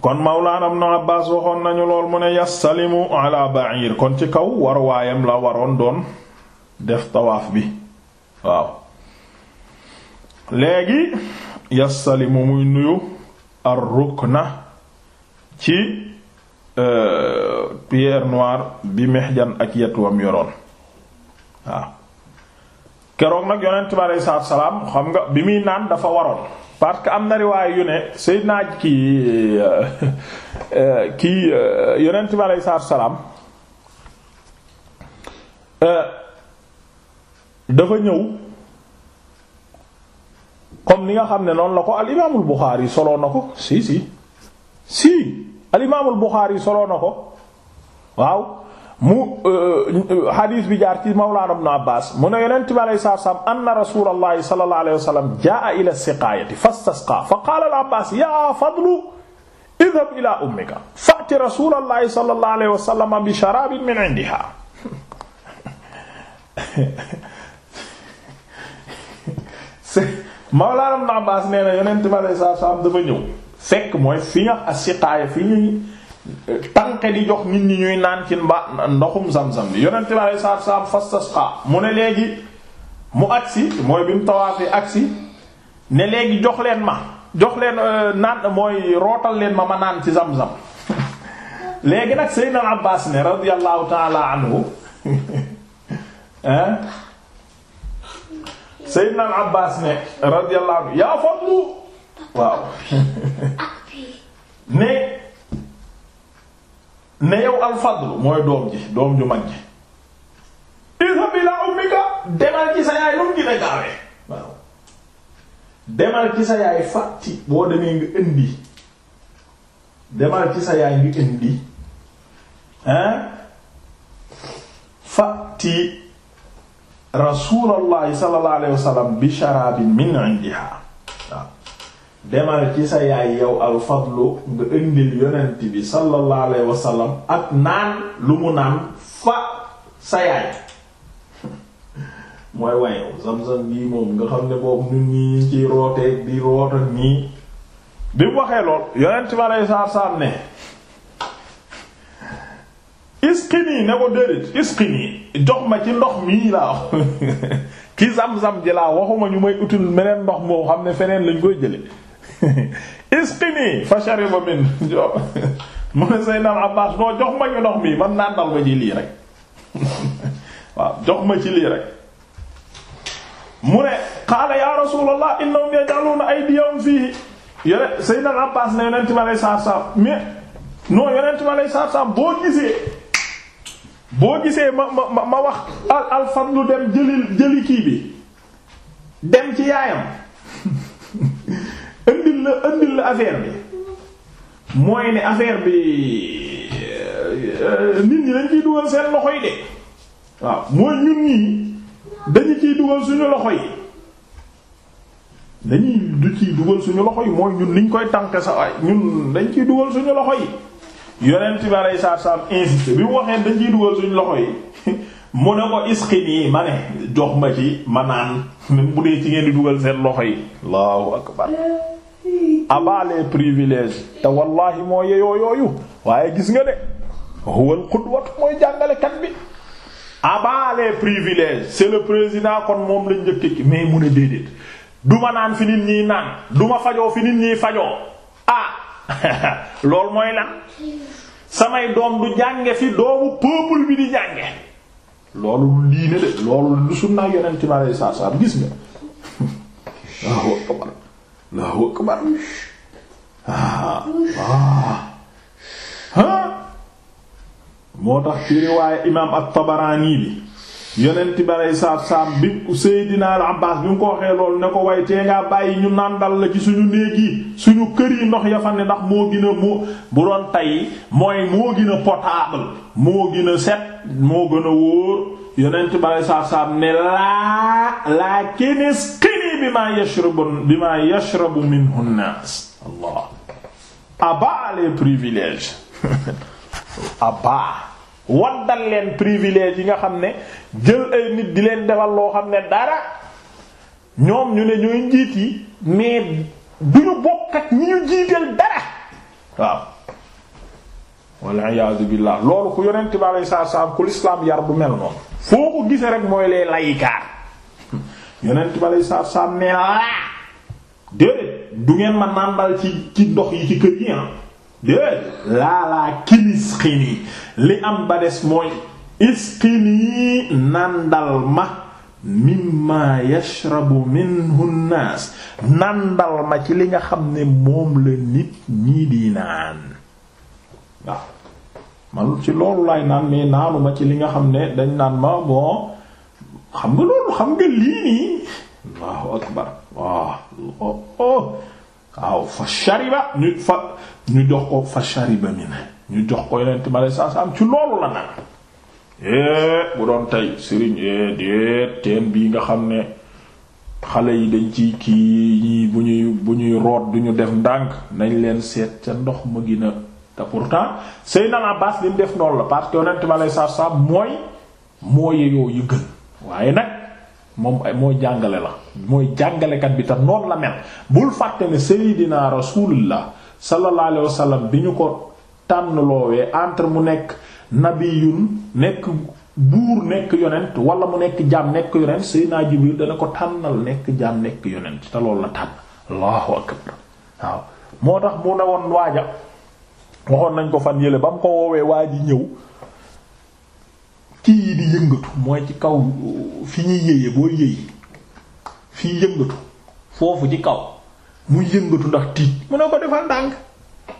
kon mawlaana ibnu Abbaas waxoon nañu lool mu ne yasalimu ala ba'ir kon ci kaw war waayam la waroon doon def tawaaf bi waaw léegi yasalimu muy nuyu ar na ci euh, pierre noire bi mexjan ak yetuwam yoroon waaw keroog nag yonent bi aleyhi salaam xam nga bi muy naan dafa waroon parce que am na riwaay yu ne Seydina ki kii euh, euh, yonent bi aleyhi salaatu salaam euh, dafa ñëw comme ni nga xam ne noonu la ko al imaamul Buxaari soloo na ko si si si al imaamul Buxaari soloo na ko waaw mu euh, hadith bi jaar ci mawlaana ibn Abbaas mu ne yonent bi alayhi salaatu wa salaam anna rasuulallahi sallallahu alayhi wa sallam jaa'a ila siqaayati fastasqaa fa qaala al-Abbaas yaa Fadlu idhab ila ummika fa'ti rasuulallahi sallallahu alayhi wa sallam bi sharaabin min 'indihaa mawlaana ibn Abbaas nee na yonent bi alayhi salaatu wa salaam dafa ñëw fekk mooy fi nga as-siqaaya fi ñuy tànke di jox nit ñuy naan ci mba ndoxum zam-zam bi yonente bi alei salaatu salaam mu ne léegi mu agsi mooy bi mu tawaafee agsi ne léegi jox leen ma jox leen euh, naan mooy rootal leen ma ma naan ci sam zam léegi nag Seydina Abbas ne radiyallahu taala anhu hein Seydina Abbas ne radiyallahu yaa fadlu waaw ne ne yow alfadlu mooy doom ji doom ju mag ji idhab ila ummika demal ci sa yaay lu mu gën a demal ci sa yaay fàtti boo demee nga indi demal ci sa yaay nga indi hein fàtti rasuulallahi sallallahu alayhi wasallam bi sharaabin min indiha waaw demal ci sa yaay yow al fadlu nga indil yonent bi sallallahu alayhi ak naan lu mu naan fa sa yaay mooy wayew zam-zam bii moom nga xam ne boobu ñun ñi ci rooteeg di root ak nii bi mu waxee lool yonent bi alayhi salaam ne isqini ne ko déedéet isqini jox ma ci ndox mii laa ki zam-zam ji laa waxuma ñu may utul meneen ndox moo xam ne feneen lañ koy jële isqini fa shariba min mu ne Seydina Abbaas noo jox ma ñu ndox mi man naan dal ma ci lii rek waaw jox ma ci lii rek mu ne qaala ya rasuulallah innahum yaj'aluuna aydiyahum fii yore Seydina Abbaas ne yonent ma lay saaf saaf mais non yonent ma lay saaf saaf boo gisee boo gisee ma ma ma wax al al fadlu jëli jëli kii bi dem ci yaayam indil la indil la affaire bi mooy ne affaire bi euh, nit ñi dañ ciy dugal seen loxo yi de waaw mooy ñun ñii dañu ciy dugal suñu loxo yi dañuy du ciy dugal suñu loxo yi mooy ñun niñ koy tànk sa waay ñun dañ ciy dugal suñu loxo yi yonent bi aleyhi salaatu insisté bi mu waxee dañ ciy dugal suñu loxo yi mu ne ko isqini ma ne jox ma ci ma naan bu dee ci ngeen di dugal seen loxo yi allahu akbar abaa les privilèges te wallahi moo yeyoo yooyu waaye gis nga de huwal qudwat mooy jàngalekat bi abaa les privilèges c'est président kon moom la njëkk ki mais mu ne déedéet duma naan fi nit ñiy naan duma fajoo fi nit ñiy fajoo ah loolu mooy lan samay doom du jànge fi doomu peuple bi di jànge loolu lu diine de loolu lu sunna yonent bi alayhi salaatu salaam gis nga Allahu akbar Allahu akbar ah ah moo tax ci riwaaya imaam at bi yonent bi aleyhi salaatu salaam bi Seydina al Abbaas bi mu ko waxee loolu ne ko way tee ngaa bàyyi ñu nàndal la ci suñu néeg yi suñu kër yi ndox ya fa ne ndax moo gën a moo bu doon tey mooy moo gën a moo gën a set moo gën a wóor yonent bi aleyhi salaatu ne laa laa kenes kini bi maa yashrabu bi maa yashrabu minhu naas Allah à bas les waddal leen privilège yi nga xam ne jël ay nit di leen defal loo xam ne dara ñoom ñu ne ñooy njiit yi mais du ñu bokk ak ñi ñu jiiteel dara waaw walla iyaazu billaah loolu ku yonent bi alay yar bu mel noonu foo ko gisee rek mooy les laïcards yonent bi alay saa saam nee laa ah, déedéet du ngeen ma nàmbal ci ci ndox yi ci kër yi ah. déedéet laalaa kinis xini li am ba des mooy isqini nandal ma mimma yashrabu minhu nnaas nandal ma ci li nga xam ne moom la nit ñii di naan waaw man ci loolu laay naan mais naanu ma ci li nga xam ne dañ naan ma bon xam nga loolu xam nga lii nii allahu akbar waaw oh, oh. waaw fa shariba ñu fa ñu jox ko fa shariba min ñu jox ko yeneen timale saa saa am ci loolu la naan é eh, bu doon tey sëriñ é eh, déet teen bii nga xam ne xale yi dañ ci kii ñii bu ñuy bu ñuy root duñu def ndànk nañ leen seet ca ndox ma gën a te pourtant Seydina Abbas li mu def noonu la parce que yonent bi aleyhi salaatu salaam mooy mooy yooyu gën waaye nag moom ay mooy jàngale la mooy jàngalekat bi tam noonu la mel bul fàtte ne Seydina Rasulullah sallallahu alayhi wasallam bi ñu ko tànn loowee entre mu nekk nabiyun nekk buur nekk yonent wala mu nekk jaam nekk yonent Seydina Jibril dana ko tànnal nekk jaam nekk yonent te loolu la tànn allahu akbar waaw moo tax mu ne woon waaja waxoon nañ ko fan yële ba mu ko woowee waa ji ñëw kii yi di yëngatu mooy ci kaw fi ñuy yéye boo yéy fii yëngatu foofu ci kaw mu yëngatu ndax tiit mu ne ko defal ndànk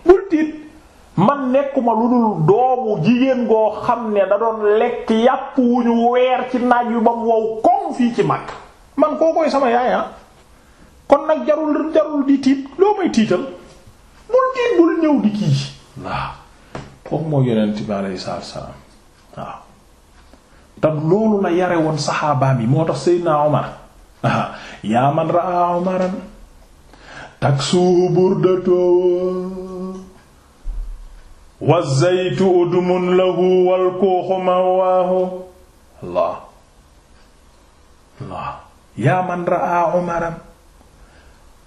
bul tiit man nekkuma lu dul doomu jigéen goo xam ne da doon lekk yàpp wu ñu weer ci naaj wi ba mu wow koŋ fii ci mag man koo koy sama yaaya ah. kon nag jarul jarul di tiit loo may tiital bul tiit bul ñëw di kii waaw kooku moo yonent bi alayhi salaam waaw tam loolu la yare woon saxaabaam yi moo tax Seydina Omar yaa man raa Omaran taksuhu burdatu wa zaytu udmun lahu wal kuuxu mawaahu Allah Allah yaa man raa Omaran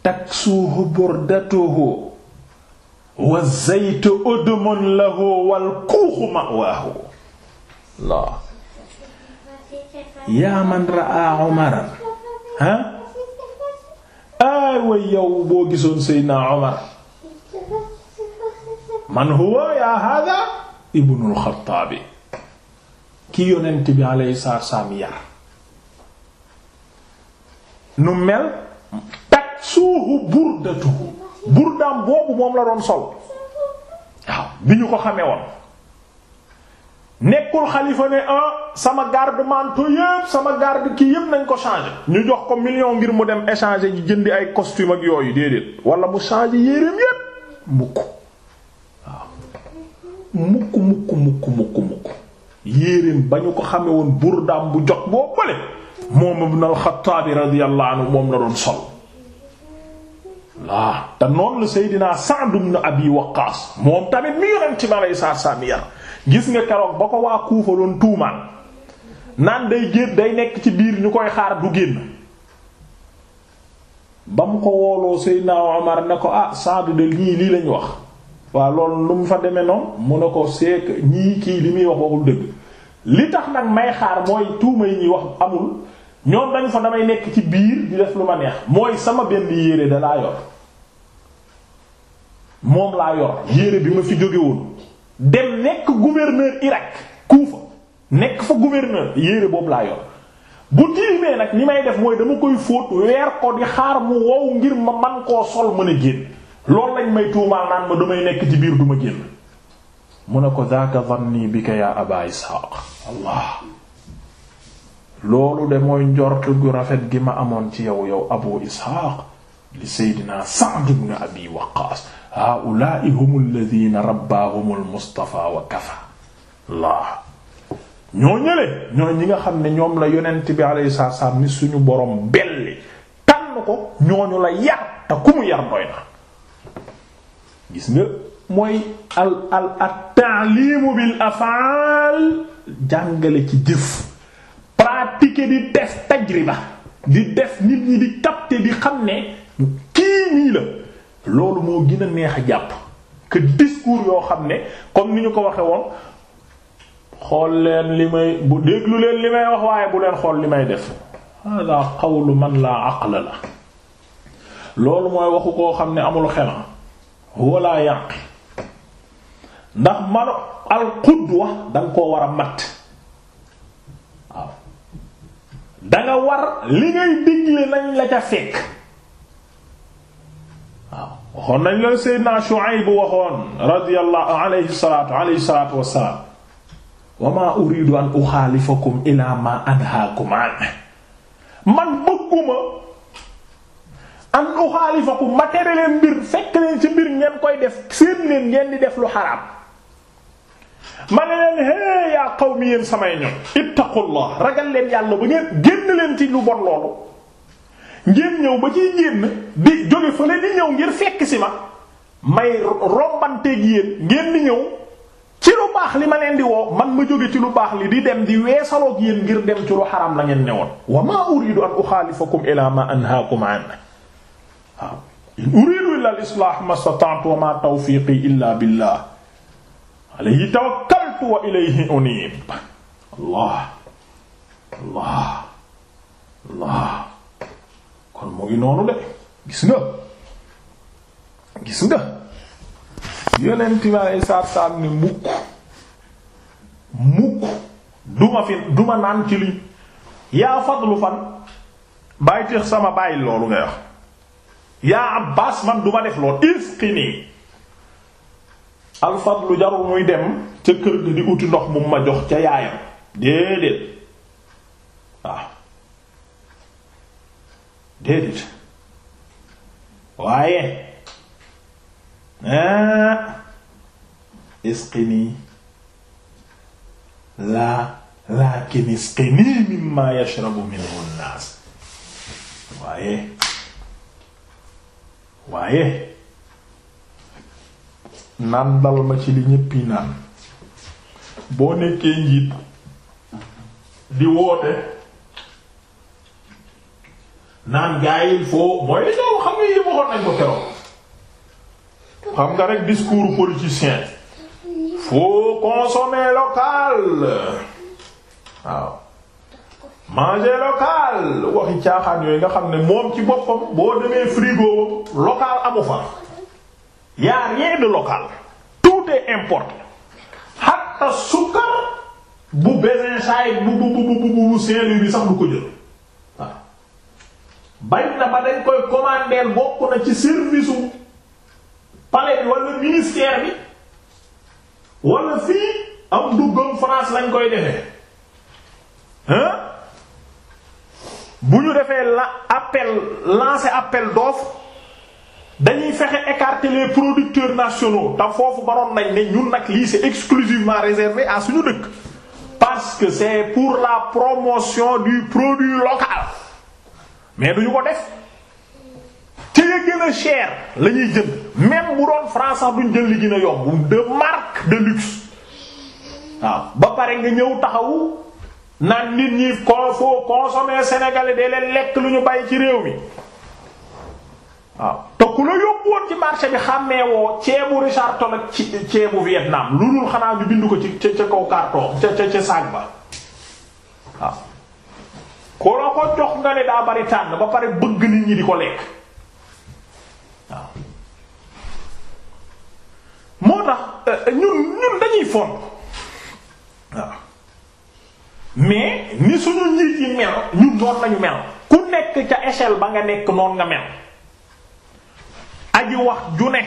taksuhu burdatuhu wa zaytu udmun lahu wal kuuxu mawaahu Allah yaa man raa Umar ah ay way yow boo gisoon Seydina Umar man huwa yaa hada ibnul Xattaabi ki yonent bi alayhi salaam yar nu mel taksuuhu burdatuhu burdaam boobu moom la doon sol waaw bi ñu ko xamee nekkul xalifa ne ah sama garde manteau yépp sama garde kii yépp nañ ko changer ñu jox ko million ngir mu dem échanger ji jëndi ay costume ak yooyu déedéet wala mu changer yéreem yépp mukk mukk mukk mukk mukk mukk yéreem ba ñu ko xamee woon burdaam bu jot boo bële moom Ibn al-Khattab radiyallahu moom la doon sol laa te noonu la Seydina Sa'd ibn Abi Waqqas moom tamit mi yonent bi alayhi salaam yar gis nga keroog ba ko waa Kuufa tuumaan naan day génn day nekk ci biir ñu koy xaar du génn ba mu ko wooloo Seydina Omar ne ko ah Saad lii lii lañ wax waaw loolu lu fa demee noonu ko seek ñii kii li muy wax waxul dëgg li tax nag may xaar mooy tuuma yi ñuy wax amul ñoom dañ fa damay nekk ci biir di def lu ma neex mooy sama benn yére da laa yor moom laa yor yére bi ma fi jóge dem nekk gouverneur Irak Kufa nekk fa gouverneur yéere boobu laa yor bu tilimee nag ñi may def mooy dama koy fóot weer ko di xaar mu wow ngir ma man koo sol ma a génn loolu lañ may tuumaal naan ma damay nekk ci biir duma génn mu ne ko zaaka vanni bi ka yaa de mooy njort gu rafet gi ma amoon ci yow yow abu ishaq li seydinaa sa'd ibn abi waqaas haa'ulaa'i humu alladhiina rabbaahumul Mustafa wa ñoo ñi nga xam ne ñoom la yonent bi alayhi salaam ni suñu borom belli tànn ko ñooñu la yar te ku mu yar doy na gis nga mooy al al at-ta'limu bil af'al jàngale ci jëf pratiquer di def tajriba di def nit ñi di capter di xam ne kii nii la loolu moo gën a neex a jàpp que discours yoo xam ne comme ni ñu ko waxe woon xool leen li may bu déglu leen li may wax waaye bu leen xool li may def hada qawlu man laa aqla la loolu mooy waxu koo xam ne amul xelam walla yàq ndax man al qudwa danga koo war a mat waaw danga war li ngay digle nañ la ca fekk waxoon nañ la Seydina Shuayb waxoon radiyallahu alayhi salaatu alayhi salaatu wassalaam wa maa uridu an uxaalifakum ilaa maa anhaakum anhu man bëgguma an uxaalifakum ma tere leen mbir fekk leen ci mbir ngeen koy def seen leen ngeen di def lu xaraam ma ne leen hee yaa qawmi yéen samay ñoom ittaqullah ragal leen yàlla ba ngeen génn leen ci lu bon loolu ngeen ñëw ba ciy génn di jóge fële di ñëw ngir fekk si ma may rombanteeg yéen ngeen di ci lu baax li ma leen di woo man ma jóge ci lu baax li di dem di weesaloog yéen ngir dem ci lu xaram la ngeen newoon wa ma uridu an uxaalifakum ila ma anhaakum an waaw in uridu illa al islah ma stata'tu wa ma tawfiqi illa billah allah allah kon mu ngi noonu de gis nga gis nga yonent mi aleyhi salaatu salaam ni mukk mukk duma fi duma naan ci li yaa fadlu fan bàyyi teex sama bàyyi loolu nga wax yaa Abbaas man duma def loolu isqini al fadlu jarul muy dem ca kër gi di wuti ndox mu ma jox ca yaayam déedéet waaw déedéet waaye ah, isqini laa laakin isqini mimma yashrabu minhu an-nas waaye waaye naan dal ma ci li naan boo nekkee di woote naan gars yi il faut mooy ñoo xam nga yéen waxoon nañ ko keroog xam nga rek discours politicien faut consommer local waaw manger local waxi caaxaan yooyu nga xam ne moom ci boppam boo demee frigo local amu fa y a rien de local tout est importé hatta sukkar bu Bézinsay bu bu bu bu bu Saint-Louis bi sax du ko jël. bañ na ba dañ koy commandeel bokk na ci service u palais bi wala ministère bi wala fii am duggam France lañ koy defee hein bu ñu defee la appel lancer appel d'offre dañuy fexe écarter producteur producteurs nationaux te foofu baroon nañ ne ñun nag lii c'est exclusivement réservé à suñu dëkk parce que c'est pour la promotion du produit local mais duñu ko def ci li gën a cher la ñuy jënd bu doon France sax duñ jël li gën a yomb de marque de luxe waaw ba pare nga ñëw taxawu naan nit ñi ko foo consommer sénégalais leen lekk lu ñu bàyyi ci réew mi waaw te ku la yóbbu woon ci marché bi xàmmee woo ceebu Richard Toll ak ceebu Vietnam lu dul xanaa ñu bind ko ci ca ca kaw carton ca ca ca saag ba. ko la ko jox nga ne daa bari tànn ba pare bëgg nit ñi di ko lekk waaw moo tax euh, ñun ñun dañuy fond waaw mais ni suñu njiit yi mel ñun noonu lañu mel ku nekk ca échelle ba nga nekk noonu nga mel aji wax ju ne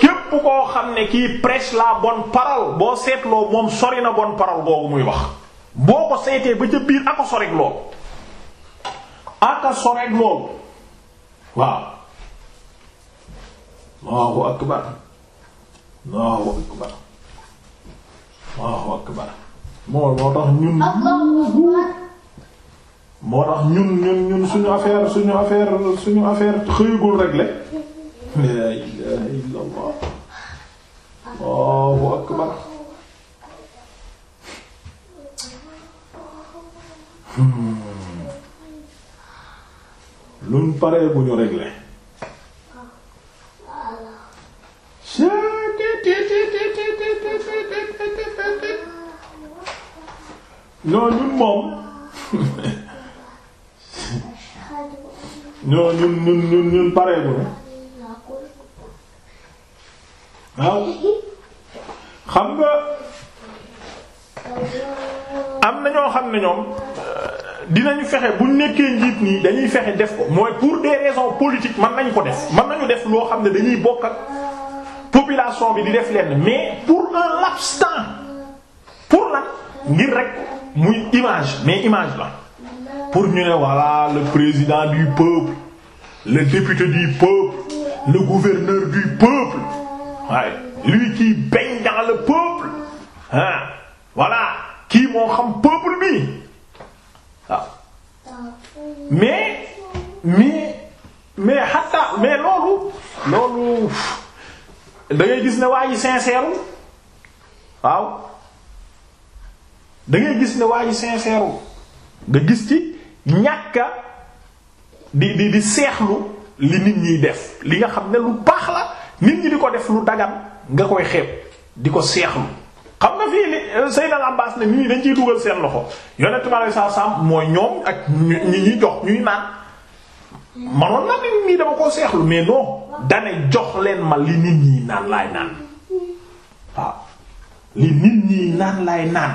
képp koo xam ne kii prêche la bon parole boo seetloo moom sori na bonne parole boobu muy wax boo ko seetee ba ca biir aka soreg loolu aka soreg loolu waaw Allahu akbar Allahu akbar Allahu akbar moo moo tax ñun moo tax ñun ñun ñun suñu affaire suñu affaire suñu affaire xëyugul réglé la ilaha illallah Allahu akbar Hmm. luñ paree bu ñu réglé non ñun moom non ñun ñun ñun ñun paree bu waaw xam nga am na ñoo xam ne ñoom euh, dinañu fexe bu nekkee njiit nii dañuy fexe def ko mooy pour des raisons politiques man nañ ko def man nañu def loo xam ne dañuy bokk ak population bi di def lenn mais pour un laps pour lan ngir rek muy image mais image la pour ñu ne voilà le président du peuple le député du peuple le gouverneur du peuple waaye lui qui baigne dans le peuple ah voilà kii moo xam peuple bi waaw mais mais mais hatta mais loolu loolu da gis ne waayu ji sincère waaw da gis ne waa ji nga gis ci ñàkka di di di seexlu li nit ñiy def li nga xam ne lu baax la nit ñi di ko def lu dagan nga koy xeeb di ko seexlu xam nga fii ni euh, Seydina na ne nii dañ ciy dugal seen loxo yonent bi alayhi salaam mooy ñoom ak ñi ñuy jox ñuy naan manoon na nit ñi dama koo seexlu mais non dane jox leen ma li nit ñi naan laay naan li nit ñi naan laay naan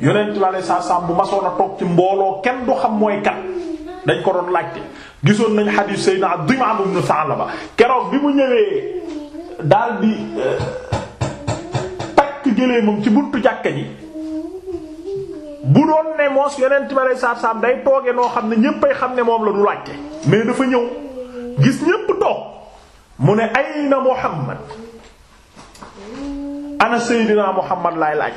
yonent bi alayhi bu masoon a toog ci mbooloo kenn du xam mooy kat dañ ko doon laajte gisoon nañ xadiis Seydina Dimaam ibn Sa'laba keroog bi mu ñëwee daal di. Euh, gëlee moom ci buntu jàkka ji bu doon ne moos yonent bi aleyhi salaatu salaam day tooge noo xam ne ñéppay xam ne moom la du laajte mais dafa ñëw gis ñépp toog mu ne ay ayna Muhammad ana Seydina Muhammad laay laaj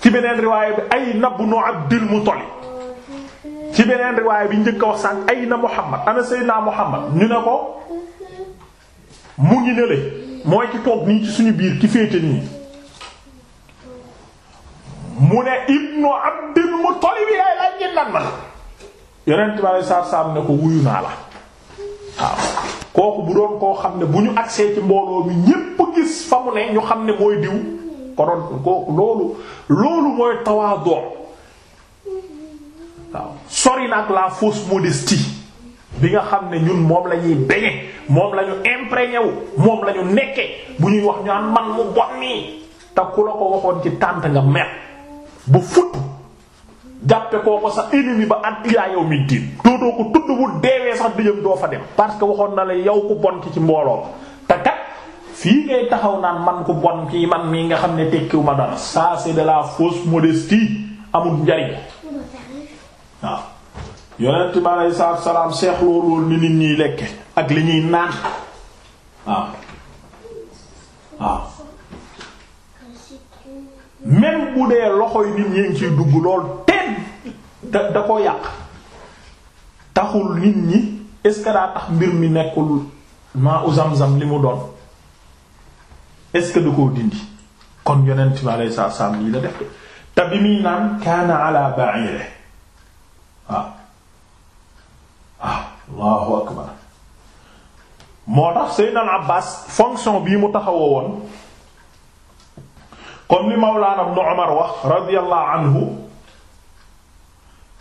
ci beneen riwaaya bi ayna ibnu Abdil Muttalib ci beneen riwaaya bi njëkk a wax sànq ayna Muhammad ana Seydina Muhammad ñu ne ko mu ngi ne mooy ci toog nii suñu biir ci féete nii mu ne ibnu abdil muttalib yaay laaj gi nan na yonent bi alei saatu salaam ne ko wuyu naa la waaw kooku bu doon koo xam ne bu ñu agsee ci mbooloo mi ñépp gis fa mu ne ñu xam ne mooy diw ko doon kooku loolu loolu mooy tawaadu waaw sori nag la fausse modestie bi nga xam ne ñun moom la ñuy bañe moom la ñu moom la nekke bu ñuy wax ñu am man mu bon nii te ku la ko waxoon ci tànt nga mer ba futt jàppe koo ko sa ennemi ba at ilaa yow mi diin dootoo ko tudd bu deewee sax dëjëm doo fa dem parce que waxoon na la yow ku bon ki ci mbooloo te kat fii ngay taxaw naan man ku bon kii man mii nga xam ne tekkiwu ma dara ça c'est de la fausse modestie amul njariñ waaw yonent bi aleyhi salaatu wa salaam seexloo loolu ni nit ñiy lekke ak li ñuy naan waaw même bu dee loxoy nit ñi ngi ciy dugg lool ten da da ko yàq taxul nit ñi est daa tax mbir mi nekkul ma u zam li mu doon est-ce koo dindi kon yonent bi alayhi salaatu salaam lii la te bi muy naan kaana ala ba'ire waaw waaw Allahu akbar moo tax Seydina Abbas fonction bii mu taxawoo woon comme li Mawlaana Ibnu Umar wax radiyallahu anhu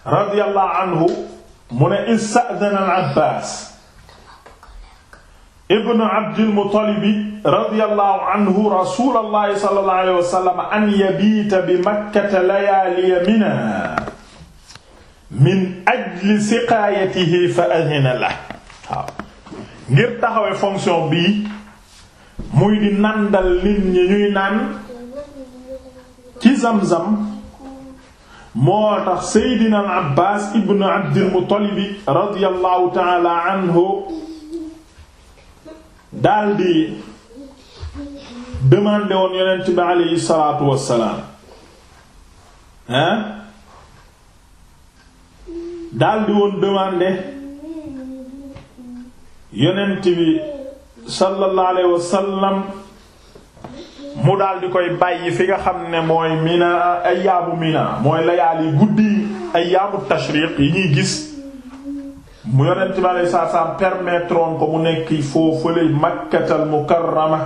radiyallahu anhu mu ne ista'dana al-Abbaas ibnu Abdil Muttalibi radiyallahu anhu rasuulallahi sallallahu alayhi wa sallam an yabiita bi Makkata layaaliya minaa min ajli siqaayatihi fa adhina lahu waaw ngir taxawee fonction bii muy di nandal nit ñi ñuy naan. Zamzam moo tax Seydina al Abbaas ibn Abdil Muttalib radiyallahu taala anhu daldi demandé woon yonent bi salaatu wassalaam hein daldi woon demandé yonent bi alayhi wasallam mu daal di koy bàyyi fi nga xam ne mooy mina ayyaamu mina mooy layaali guddi ayyaamu tashriq yi ñuy gis mu yonent bi alei saatu ko mu nekk foofale makkatal mukarrama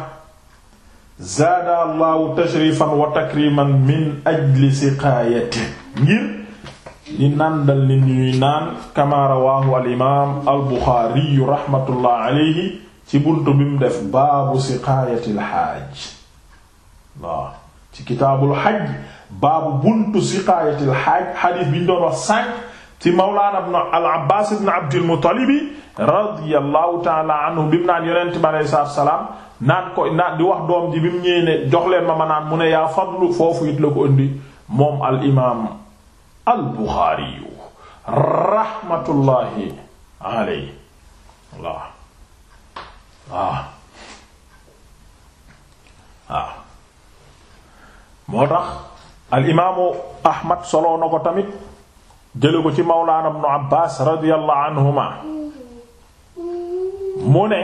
zaada allahu tashrifan wa takriman min ajli siqaayati ngir di nandal nit ñuy naan kama rawahu al imaam al buxaari rahmatullah ci buntu bi mu def baabu siqaayati al waaw ci kitaabul xaj baabu buntu siqaayatil xaaj xadiis bi doon wax ci mawlaana ibn al abbaas ibn abdil muttalibi radiyallahu anhu bi mu naan yonent bi aleyhi salaatu salaam naan ko naan di wax doom ji bi mu ñëwee leen ma ma naan mu ne yaa fadlu foofu it la ko indi moom al imaam al buxaari yu rahmatullahi aleyhi waaw moo tax al imaamu ahmad soloo ko tamit jële ko ci mawlaana ibnu abbaas radiyallahu anhuma mu ne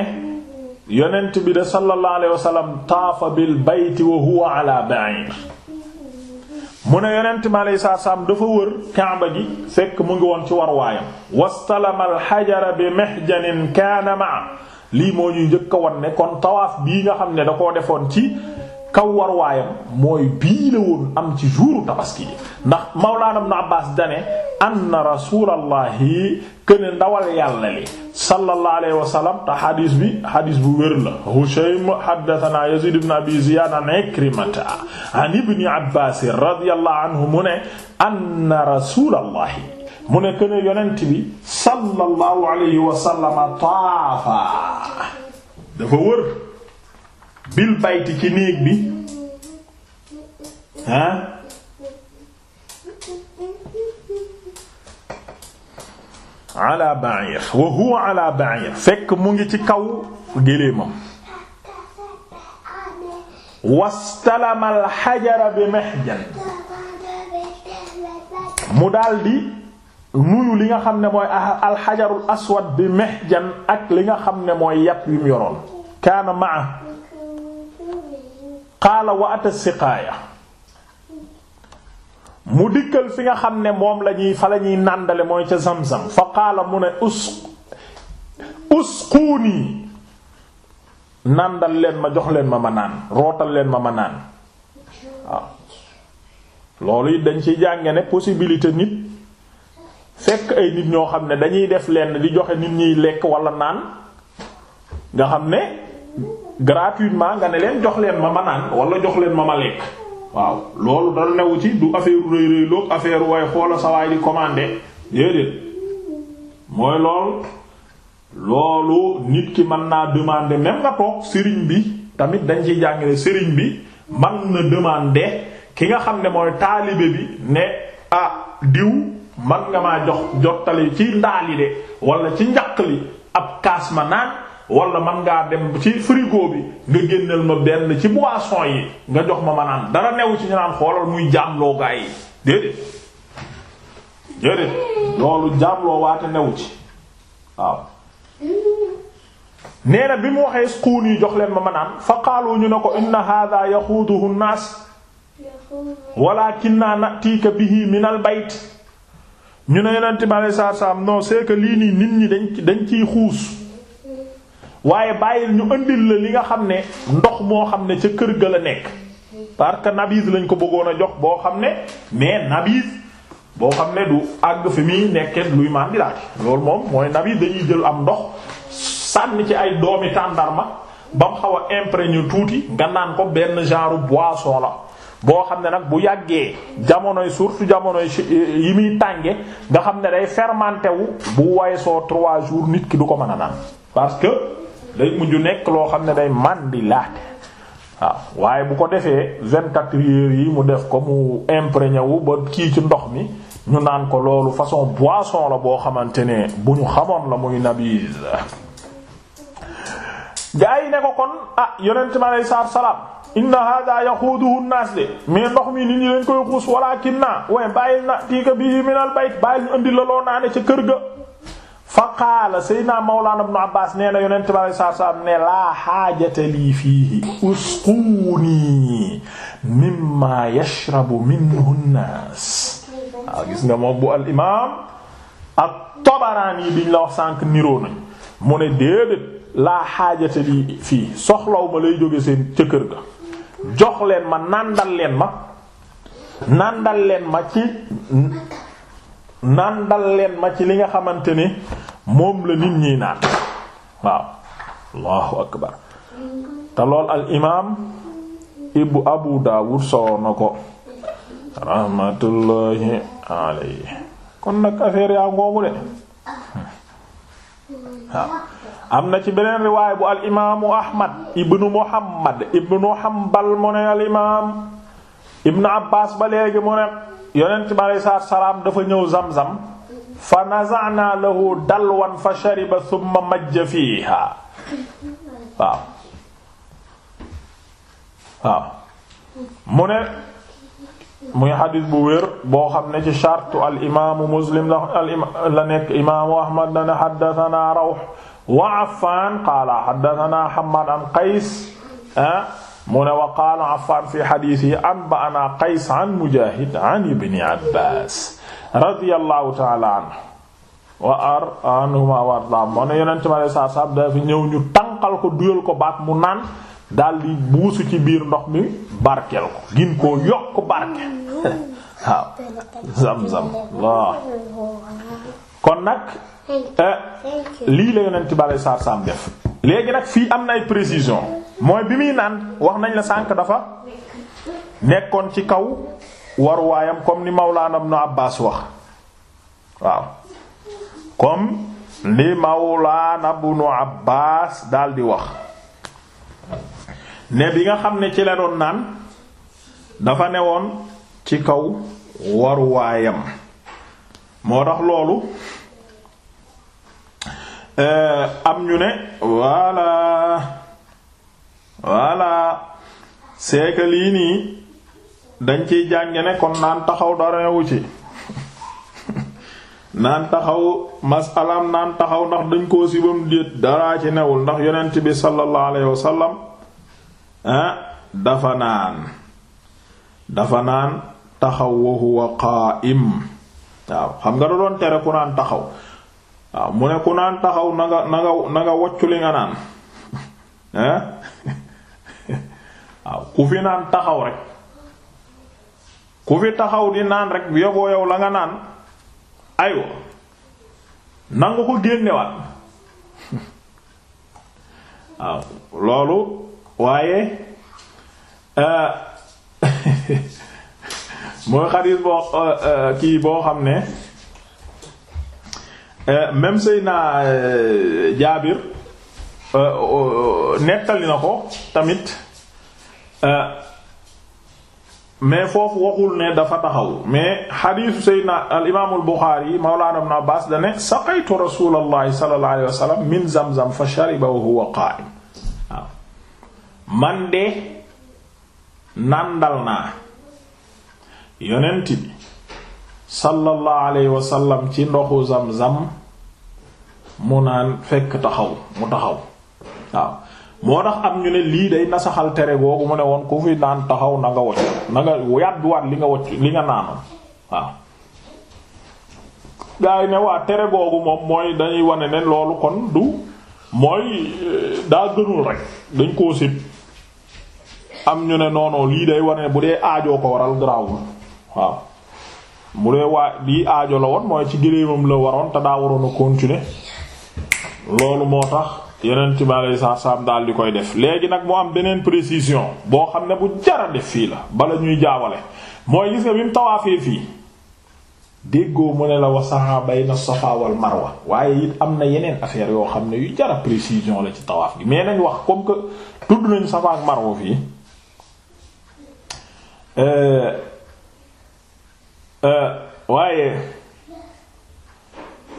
yonent bi de sallallahu alayhi wasallam taafa bi bayti wa huwa ala ba'ir mu ne yonent bi alayhi salaam dafa wër kaaba gi sekk mu ngi woon ci war waayam wastalama al xajara bi mihjanin kaana ma lii moo ñuy njëkk a won ne kon tawaaf bii nga xam ne da koo defoon ci kaw war waayam mooy bii la woon am ci tabaski ji Mawlaana Ibn Abbaas dane anna rasulallahi këne ndawal yàlla li sallallahu alayhi wa xadis bi xadis bu wér la Hushaym haddathana Yazid Abi Ziyad an Ikrimata an ibni Abbaas radiyallahu anhu mu ne anna rasulallahi mu ne këne bi sallallahu alayhi wa sallam dafa wër bil bayti ci néeg bi ah ala ba'ir wa huwa ala ba'ir fekk mu ngi ci kaw géléemam wastalama alxajara bi mihjan mu daldi nuyu li nga xam ne mooy ah, alxajarul aswad bi mihjan ak li nga xam ne mooy yàpp yum yoroon kaana ma'a qaala wa ata siqaaya mu dikkal fi nga xam ne moom lañuy fa la ñuy nàndale mooy ca zamzam fa qaala mu ne us usquunii nàndal leen ma jox leen ma ma naan rootal leen ma ma naan loolu it dañ ciy jànge ne possibilité nit fekk ay nit ñoo xam ne dañuy def leen di joxe nit ñuy lekk walla naan nga xam ne gratuitement nga ne leen jox leen ma ma naan wala jox leen ma ma lekk waaw loolu dal newu ci du affaire rëy rëy loog affaire waaye xoola sa di commander déedéet mooy lool loolu nit ki mën naa demander même nga toog sëriñ bi tamit dañ ciy jàngale sëriñ bi mën na demander ki nga xam ne mooy taalibe bi ne ah diw man nga maa jox jottali ci ndaali de wala ci njaq li ab kaas ma naan wala man ngaa dem ci frigo bi nga génneel ma benn ci boisson yi nga jox ma ma naan dara new ci ñu naan xoolal muy jaamloo gaa yi déedéet déedéet loolu jaamloo waate new ci waaw nee na bi mu waxee xuun yi jox leen ma ma naan ñu ne ko inna hadha yaxuuduhu nnaas walakinna natiika bihi min al bayt ñu ne yonente bi alei saatu salaam non lii nii nit ñi dañ dañ ciy xuus waaye bàyyil ñu andil la li nga xam ne ndox moo xam ne ca kër ga la nekk parce que nabis lañ ko bëggoon a jox boo xam ne mais nabis boo xam ne du àgg fi muy nekkee luy maan di daati loolu moom mooy nabis dañuy jël am ndox sànn ci ay doomi tàndarma ba mu xaw a imprégné tuuti nga naan ko benn genre boisson la boo xam ne nag bu yàggee jamonoy surtout jamonoy yi muy tànge nga xam ne day fermenté bu waye soo trois jours nit ki du ko mën a naan parce day mujj nekk loo xam ne day màndi laa waaw waaye bu ko defee vingt-quatre heures yi mu def ko mu imprégné wu ba kii ci ndox mi ñu naan ko loolu façon boisson la boo xamante ne bu ñu xamoon la muy nabiz gaa yi ne ko kon ah yonent mi aleyhi salaatu salaam inna hada yaxuuduhu naas de mais ndox mi nit ñi leen koy xuus walakin na way bàyyil na tii ka bii minal bayt bàyyil ñu indi la loo naane ca kër ga fa qaala seydna mawlaana ibnu abbaas nee na yonent bi alayhi salaatu salaam ne laa xaajata lii fiihi usquunii mimmaa yashrabu minhu nnaas waaw gis nga moom bu al imaam at-Tabaraani biñ la wax sànq niroo nañ mu ne déedéet laa xaajata fii soxlaw ma lay jóge seen ca kër ga ma nàndal leen ma nàndal leen ma ci naan dal leen ma ci li nga xamante ni moom la nit ñiy naan waaw allahu akbar te al imaam ibu abu daawud solo na ko rahmatullahi kon nag affaire yaa ngoogu de waaw am na ci beneen riwaay bu al imaamu ahmad ibnu muhammad ibnu hambal mu ne al imaam ibnu abbaas ba léegi mu ne yonent bi aleyhi salaatu salaam dafa ñëw zam-zam fa naza'na lahu dalwan fa shariba thumma majja fiiha waaw waaw mu ne muy xadis bu wér boo xam ne ci shartu al imaamu muslim la nekk imaamu ahmad dana xaddatana rawh wa affan qaala xaddatana hamad an qays ah mu ne wa qaala Affaan fi xadiisihi anba'anaa Qays an Mujaahid an ibni Abbaas radiyallahu ta'ala anhu wa ar anhuma wa ardaa moo ne yonent ma saa saab dafa ñëw ñu tànqal ko duyal ko baat mu naan daldi buusu ci biir ndox mi barkeel ko gin koo yokk barke waaw zam-zam kon nag eh, lii la yonent ma saa saam def léegi nag fii am na ay précision mooy bi muy naan wax nañ la sànq dafa nekkoon ci kaw waruwaayam comme ni Mawlaana Ibn Abbaas wax waaw comme ni Mawlaana Ibn Abbaas daal di wax ne bi nga xam ne ci la doon naan dafa ne woon ci kaw waruwaayam moo tax loolu Euh, am ñu ne voilà voilà c'est que nii dañ ciy jànge ne kon naan taxaw dara wu ci naan taxaw masalaam naan taxaw ndax dañ koo sibam déet daraa ci newul ndax yonent bi sallallahu alayhi wasallam ah dafa naan dafa naan taxaw wa huwa qaa'im waaw xam nga da doon tere ku naan taxaw waaw mu ne ku naan taxaw na nga na nga na woccu li nga naan eh? waaw ku fi naan taxaw rek ku fi taxaw di naan rek yoboo yow la nga naan aywa nangu ko génnewaat waaw loolu waaye eh, mooy xadiis boo eh, kii boo xam ne Euh, même Seyna euh, Jaabir euh, nettali na ko tamit mais foofu waxul ne dafa taxaw mais xadiisu Seyna al imaamul Buxaari mawlaana Abbaas da saqaytu rasuulallahi sallallahu alayhi wa sallam min zamzam fa shariba wa huwa qaa'im man de nandal naa yonent sallallahu alayhi wasallam ci ndoxu zam-zam mu naan fekk taxaw mu taxaw waaw moo tax am ñu ne lii day nasaxal tere googu mu ne woon ku fi naan taxaw na nga wocc na nga yàdduwaat li nga wocc li nga naanoon waaw gaa yi ne waa tere googu moom mooy dañuy wane ne loolu kon du mooy eh, daa gënul rek dañ koo sit am ñu ne noonoo lii day wane bu dee aajoo ko waral garaawul waaw mu dee waa bii aajo la woon mooy ci géléemam la waroon te daa waroon a continuer loolu moo tax yeneen ci bale saa saam daal di koy def léegi nag mu am beneen précision boo xam ne bu jara def fii la bala ñuy jaawale mooy gis nga bi mu tawaafee fii déggoo mu ne la wasaxa bayna safa wal marwa waaye it am na yeneen affaire yoo xam ne yu jara précision la ci tawaaf gi mais nañ wax comme que tudd nañ safa ak marwa fii euh, Euh, waaye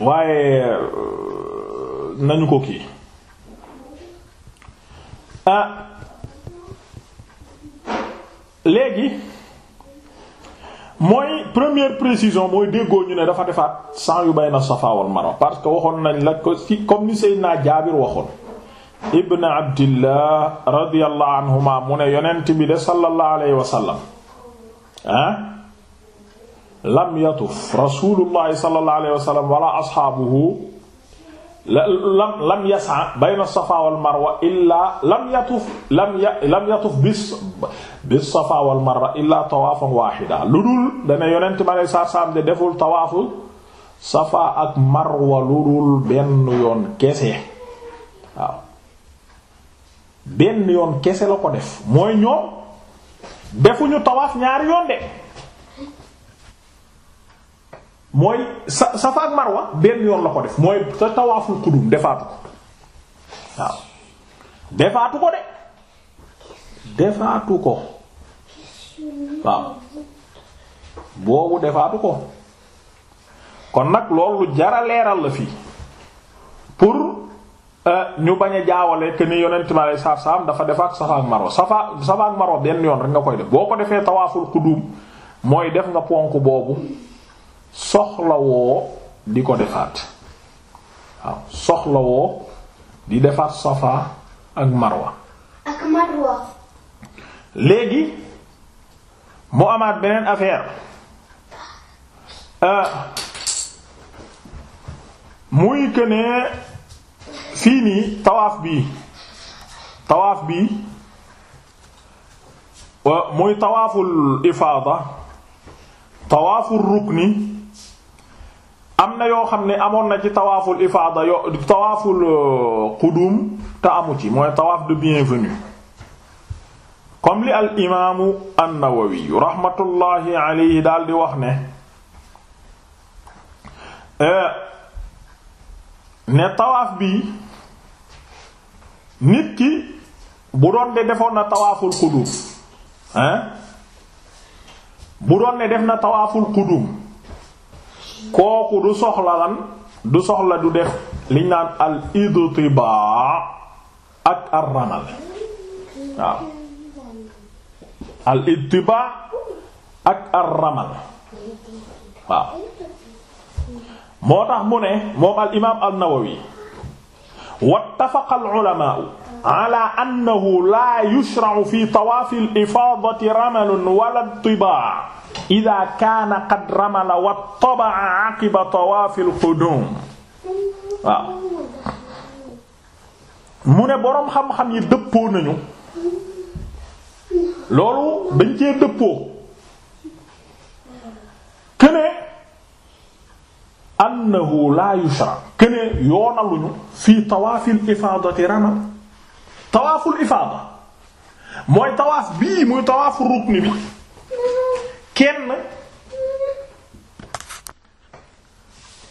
waaye euh, nañu ko kii ah, léegi mooy première précision mooy déggoo ñu ne dafa defaat san yu bayna Safa wal Marwa parce que waxoon nañ la ko ci comme ni Seydina Jaabir waxoon ibn abdillah radiyallahu anhuma mu ne yonent bi de sallallahu alayhi wa sallam lam yatuf rasulullahi sallallahu alayhi wa sallam wala asxaabuhu lam lam bayna safa wal marwa illaa lam yatuf lam lam yatuf bis bis safa wal marwa illaa tawaafan lu dul dana yonent ma lay saar de deful tawaafu safa ak marwa lu dul benn yoon kese waaw benn yoon kese la ko def mooy ñoom defuñu tawaaf ñaari yoon de mooy sa safa ak marwa benn yoon la ko def mooy sa tawaaful xudum defaatu ko waaw defaatu ko de defaatu ko waaw boobu defaatu ko kon nag loolu jara leeral la fii pour euh, ñu bañ a jaawale que ni yonent ma lay saaf dafa defaat safa ak marwa safa safa marwa benn yoon rek nga koy def boo ko defee tawaaful xudum mooy def nga ponk boobu soxlawoo di ko defaat waaw soxlawoo di defaat safa ak marwa léegi mu amaat beneen affaire euh, muy que fii nii tawaaf bi tawaaf bii euh, muy tawaaful ifaada tawaaful ni am na yoo xam ne amoon na ci tawaaful ifaada yo tawaaful qudum euh, te amu ci mooy tawaaf de bienvenue comme li al imaamu an-Nawawi rahmatullahi alayhi daal di wax ne euh, ne tawaaf bi nit ki bu doon de defoon na tawaaful qudum bu doon ne def na tawaaful qudum kooku du soxla lan du soxla du def liñ naan al idtibaa ak ar ramal waaw al ak ar ramal waaw moo tax mu ne moom al imaam an-Nawawi wattafaqa al ulamaa ala annahu la yushra'u fi tawaaf al-ifaadati ramalun wala tibaa idaa kaana qad ramala wa taba'a aqiba tawaaf al-quduum waaw mu ne boroom xam-xam yi dëppoo nañu loolu dañ cee dëppoo këne annahu la yushra këne yoonaluñu fi tawaaf al-ifaadati ramal tawaaful ifaada mooy tawaaf bii muy tawaafu rukni bi kenn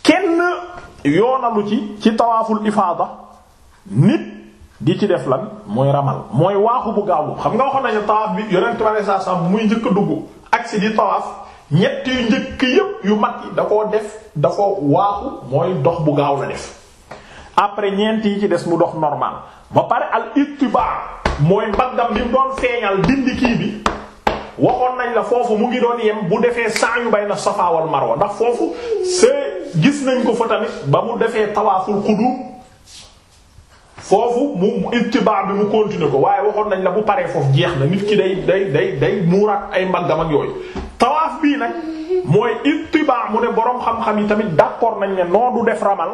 kenn yoonalu ci ci tawaaful ifaada nit di ci def lan mooy ramal mooy waaxu bu gaaw xam nga waxoon nañu tawaaf bi yonent bi saa saa muy njëkk a dugg ak si di tawaaf ñett yu njëkk yëpp yu mag yi da def da ko waaxu mooy dox bu gaaw la def après ñeent yi ci des mu dox normal ba pare al ittiba mooy mbaggam bi mu doon feeñal dindi kii bi waxoon nañ la foofu mu ngi doon yem bu defee sa'yu bayna safa wal marwa ndax foofu c'est gis nañ ko fa tamit ba mu defee tawaaful qudum foofu mu ittiba bi mu continuer ko waaye waxoon nañ la bu paree foofu jeex na nit ki day day day day muuraat ay mbaggam ak yooyu tawaaf bii nag mooy ittiba mu ne boroom xam-xam yi tamit d'accord nañ ne noo du def ramal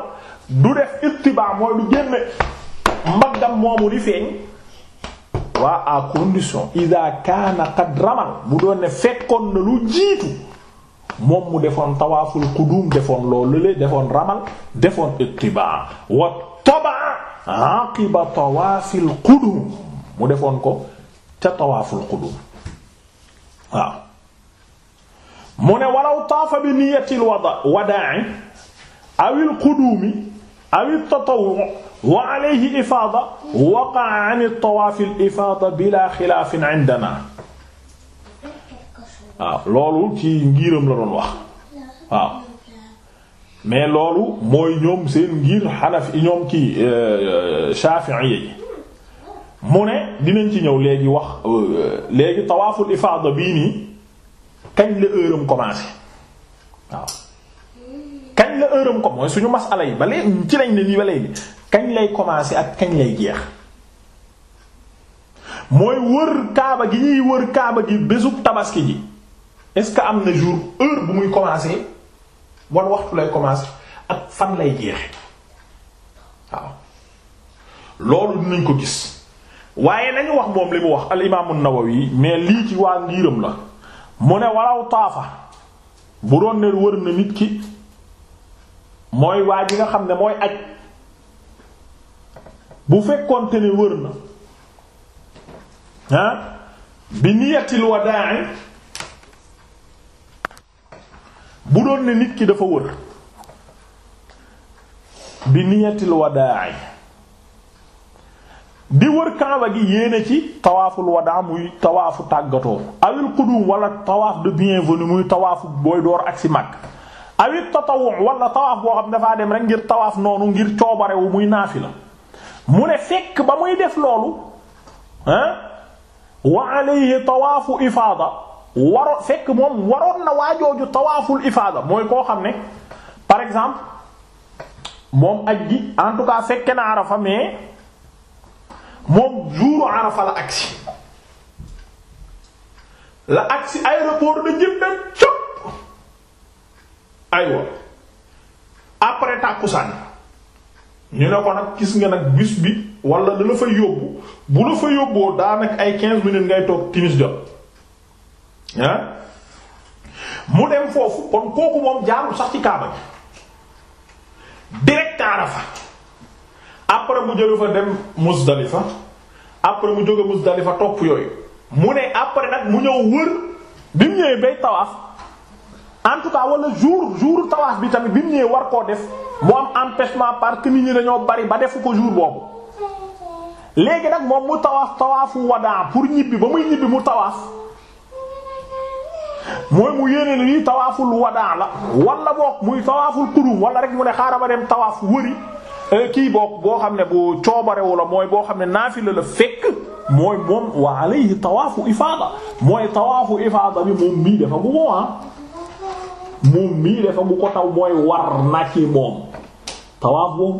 du def ittiba mooy du génne mbaggam moomu di feeñ waa à condition ida kaana qad ramal bu doon ne fekkoon na lu jiitu moom mu defoon tawaaful qudum defoon loolu le defoon ramal defoon ittibaa wa tabaa aqiba tawaafil qudum mu defoon ko ca tawaaful qudum waaw mu ne walaw taafa bi niyatil wada wadaa'i awil qudumi awil tatawwu wa alayhi ifaada waqa'a an at-tawaaf al-ifaada bilaa xilaafin indanaa waaw loolu ci ngiiram la doon wax waaw mais loolu mooy ñoom seen ngir xanafi ñoom kii euh, euh, Shaafi'i yi mu ne dinañ ci ñëw léegi wax euh, léegi tawaaful ifaada bii nii kañ la heure am kañ la heure am ko mooy suñu masala yi ba léegi ci lañ ne nii kañ lay commencer ak kañ lay jeex mooy wër kaaba gi ñuy wër kaaba gi bésub tabaski ji est-ce que am na jour heure bu muy commencer wan waxtu lay commencer ak fan lay jeexe waaw loolu nuñ ko gis waaye nañu wax moom li mu wax al imaamu yi mais lii ci waa ngiiram la mu ne walaw taafa bu doon ne wër na nit ki mooy waa ji nga xam ne mooy aj bu fekkoonte ne wër na ah bi niyatil wadaa bu doon ne nit ki dafa wër bi niyatil wadaa di wër kaaba gi yéene ci tawaaful wadaa muy tawaafu tàggatoo awil qudum wala tawaaf de bienvenue muy tawaafu booy door ak si mag awil tatawu wala tawaaf boo xam dafaa dem rek ngir tawaaf noonu ngir coobare wu muy naafi la mu ne fekk ba muy def loolu ah wa alayhi tawaafu ifaada waroon fekk moom waroon na waajooju tawaaful ifaada mooy koo xam ne par exemple moom aj gi en fekke na arafa mais moom jour arafa la agsi la agsi aéroport da jëm na cëpp aywa après tàkkusaan ñu ne ko nag gis nga nag bis bi wala da la fa yóbbu bu la fa yóbboo daanaka ay 15 minutes ngay toog timis jot ah mu dem foofu kon kooku moom jaarul sax ci Kaaba gi direct Arafa après mu jëlu fa dem Muzdalifa après mu jóge Muzdalifa topp yooyu mu ne après nag mu ñëw wër bi mu ñëwee bay tawaaf en tout cas wala jour jour tawaas bi tamit bi mu ñëwee war koo def moom am empêchement parce ñi dañoo bari ba defu ko jour boobu léegi nag moom mu tawaaf tawaafu wadaa pour ñibbi ba muy ñibbi mu tawaaf mooy mu yéene lii tawaaful wadaa la wala boog muy tawaaful qurum wala rek mu ne xaaral ma dem tawaaf wëri euh, kii boog boo xam ne bu coobarewu mooy boo xam ne naafila la fekk mooy moom wa alayhi tawaafu ifaada mooy tawaafu ifaada bi moom mii dafa bu moom mii dafa bu ko taw mooy war na ci moom tawaaf moom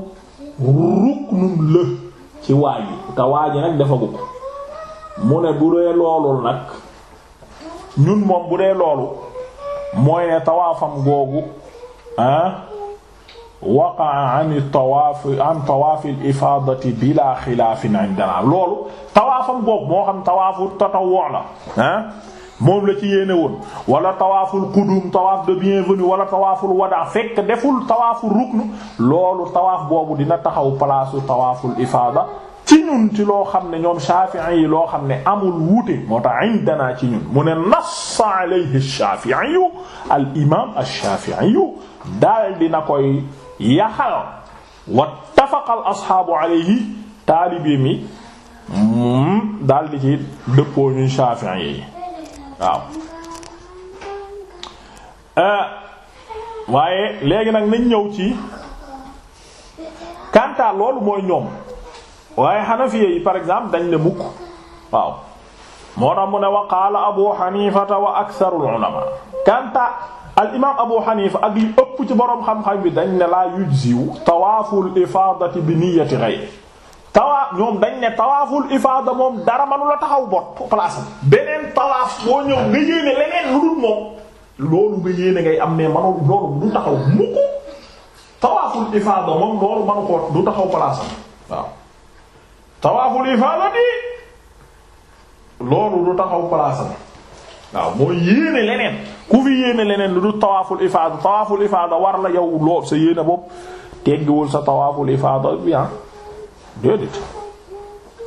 ruknun la ci waaj yi te waaj yi nag dafa bu ko mu ne bu dee loolul nag ñun moom bu dee loolu mooy ne tawaafam googu ah waqaa an tawaaf an tawaaf al ifaadati bila xilaafin indana loolu tawaafam googu moo xam tawaafu tatawwu la ah moom la ci yéene woon wala tawaaful qudum tawaaf de bienvenue wala tawaaful wadaa fekk deful tawaaful ruknu loolu tawaaf boobu dina taxaw palaasu tawaaful ifaada ci ñun ci loo xam ne ñoom Shafi'i yi loo xam ne amul wuute moo tax indana ci ñun mu ne nass alayhi Shafi'i yu al imam ash-Shafi'i yu daal dina koy yaxal wa tafaqa al ashaabu alayhi taalibi mi daal di ci dëppoo ñun Shafi'i yi waaw euh, waaye léegi nag nañ ñëw ci kanta loolu mooy ñoom waaye xanafiya yi par exemple dañ ne mukk waaw moo tax mu ne wa qaala abu xanifata wa aktharul ulama kanta al imam abu xanifa ak li ëpp ci boroom xam-xam bi dañ ne laa yujziw tawaaful ifaadati bi niyyati ghayr tawaaf ñoom dañ ne tawaaful ifaada moom dara manu la taxaw bot place beneen tawaaf boo ñëw nga yéene leneen lu dul moom loolu nga yéene ngay am ne manu loolu du taxaw mukk ko taxaw place waaw tawaaful ifaada bi loolu du taxaw place waaw mooy yéene leneen ku fi yéene leneen lu dul tawaaful ifaada tawaaful ifaada war la yow lool sa yéene bopp teggiwul sa tawaaful ifaada bi ah. déedéet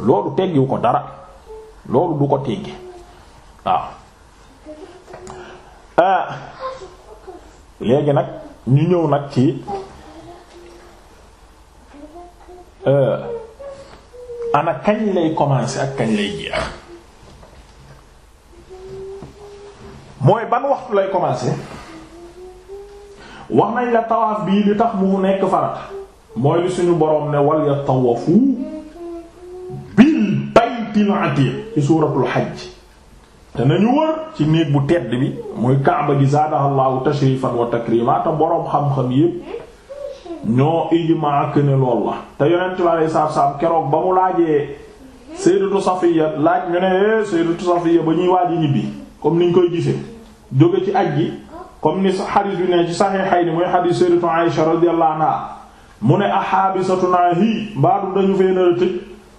loolu teggiwu ko dara loolu du ko teggi waaw ah. léegi nag ñu ñëw nag ci ah, ana kañ lay commencer ak kañ lay jeex mooy ban waxtu lay commencer wax nañ la tawaaf bii li tax mu nekk farata mooy li suñu boroom ne wal yatawafu bil baytil atiq ci suuratul xajj te nañu wër ci néeg bu tedd bi muy kaaba gi zaadaha llaahu tashrifan wa takrima te boroom xam-xam yépp ñoo ijmaa ne lool la te yonent bi alayhi salaatu salaam keroog ba mu laajee sayyidatu Safiya laaj ñu ne eh, sayyidatu Safiya ba ñuy waaji ñibbi comme niñ koy gisee jóge ci aj gi comme ni xadiis bi ne ci saxiixayni muy xadiis sayyidatu Aisha radiyallahu anha mu ne axaabisatunaa hi mbaadu dañu feenara tëj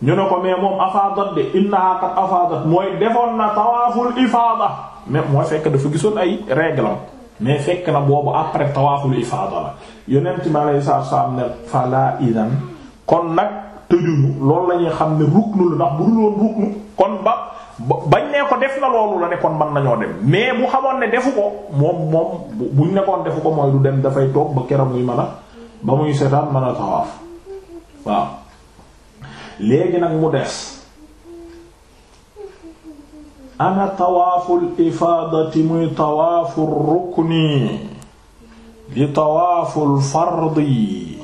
ñu ne ko mais moom afaadat de innahaa qad afaadat mooy defoon na tawaaful ifaada mais mooy fekk dafa gisoon ay règle mais fekk na boobu après tawaaful ifaada la yonent mi alayhi salaatu salaam ne falaa idan kon nag tëjuñu loolu la ñuy xam ne ruknu la ndax bu dul woon ruknu kon ba bañ nee ko def na loolu la ne kon mën nañoo dem mais bu xamoon ne defu ko moom moom buñ nekkoon defu ko mooy du dem dafay toog ba keroog muy mën ba muy setaan mën a tawaaf waaw léegi nag mu des ana tawaaful ifaadati muy tawaaful rukni di tawaaful fardi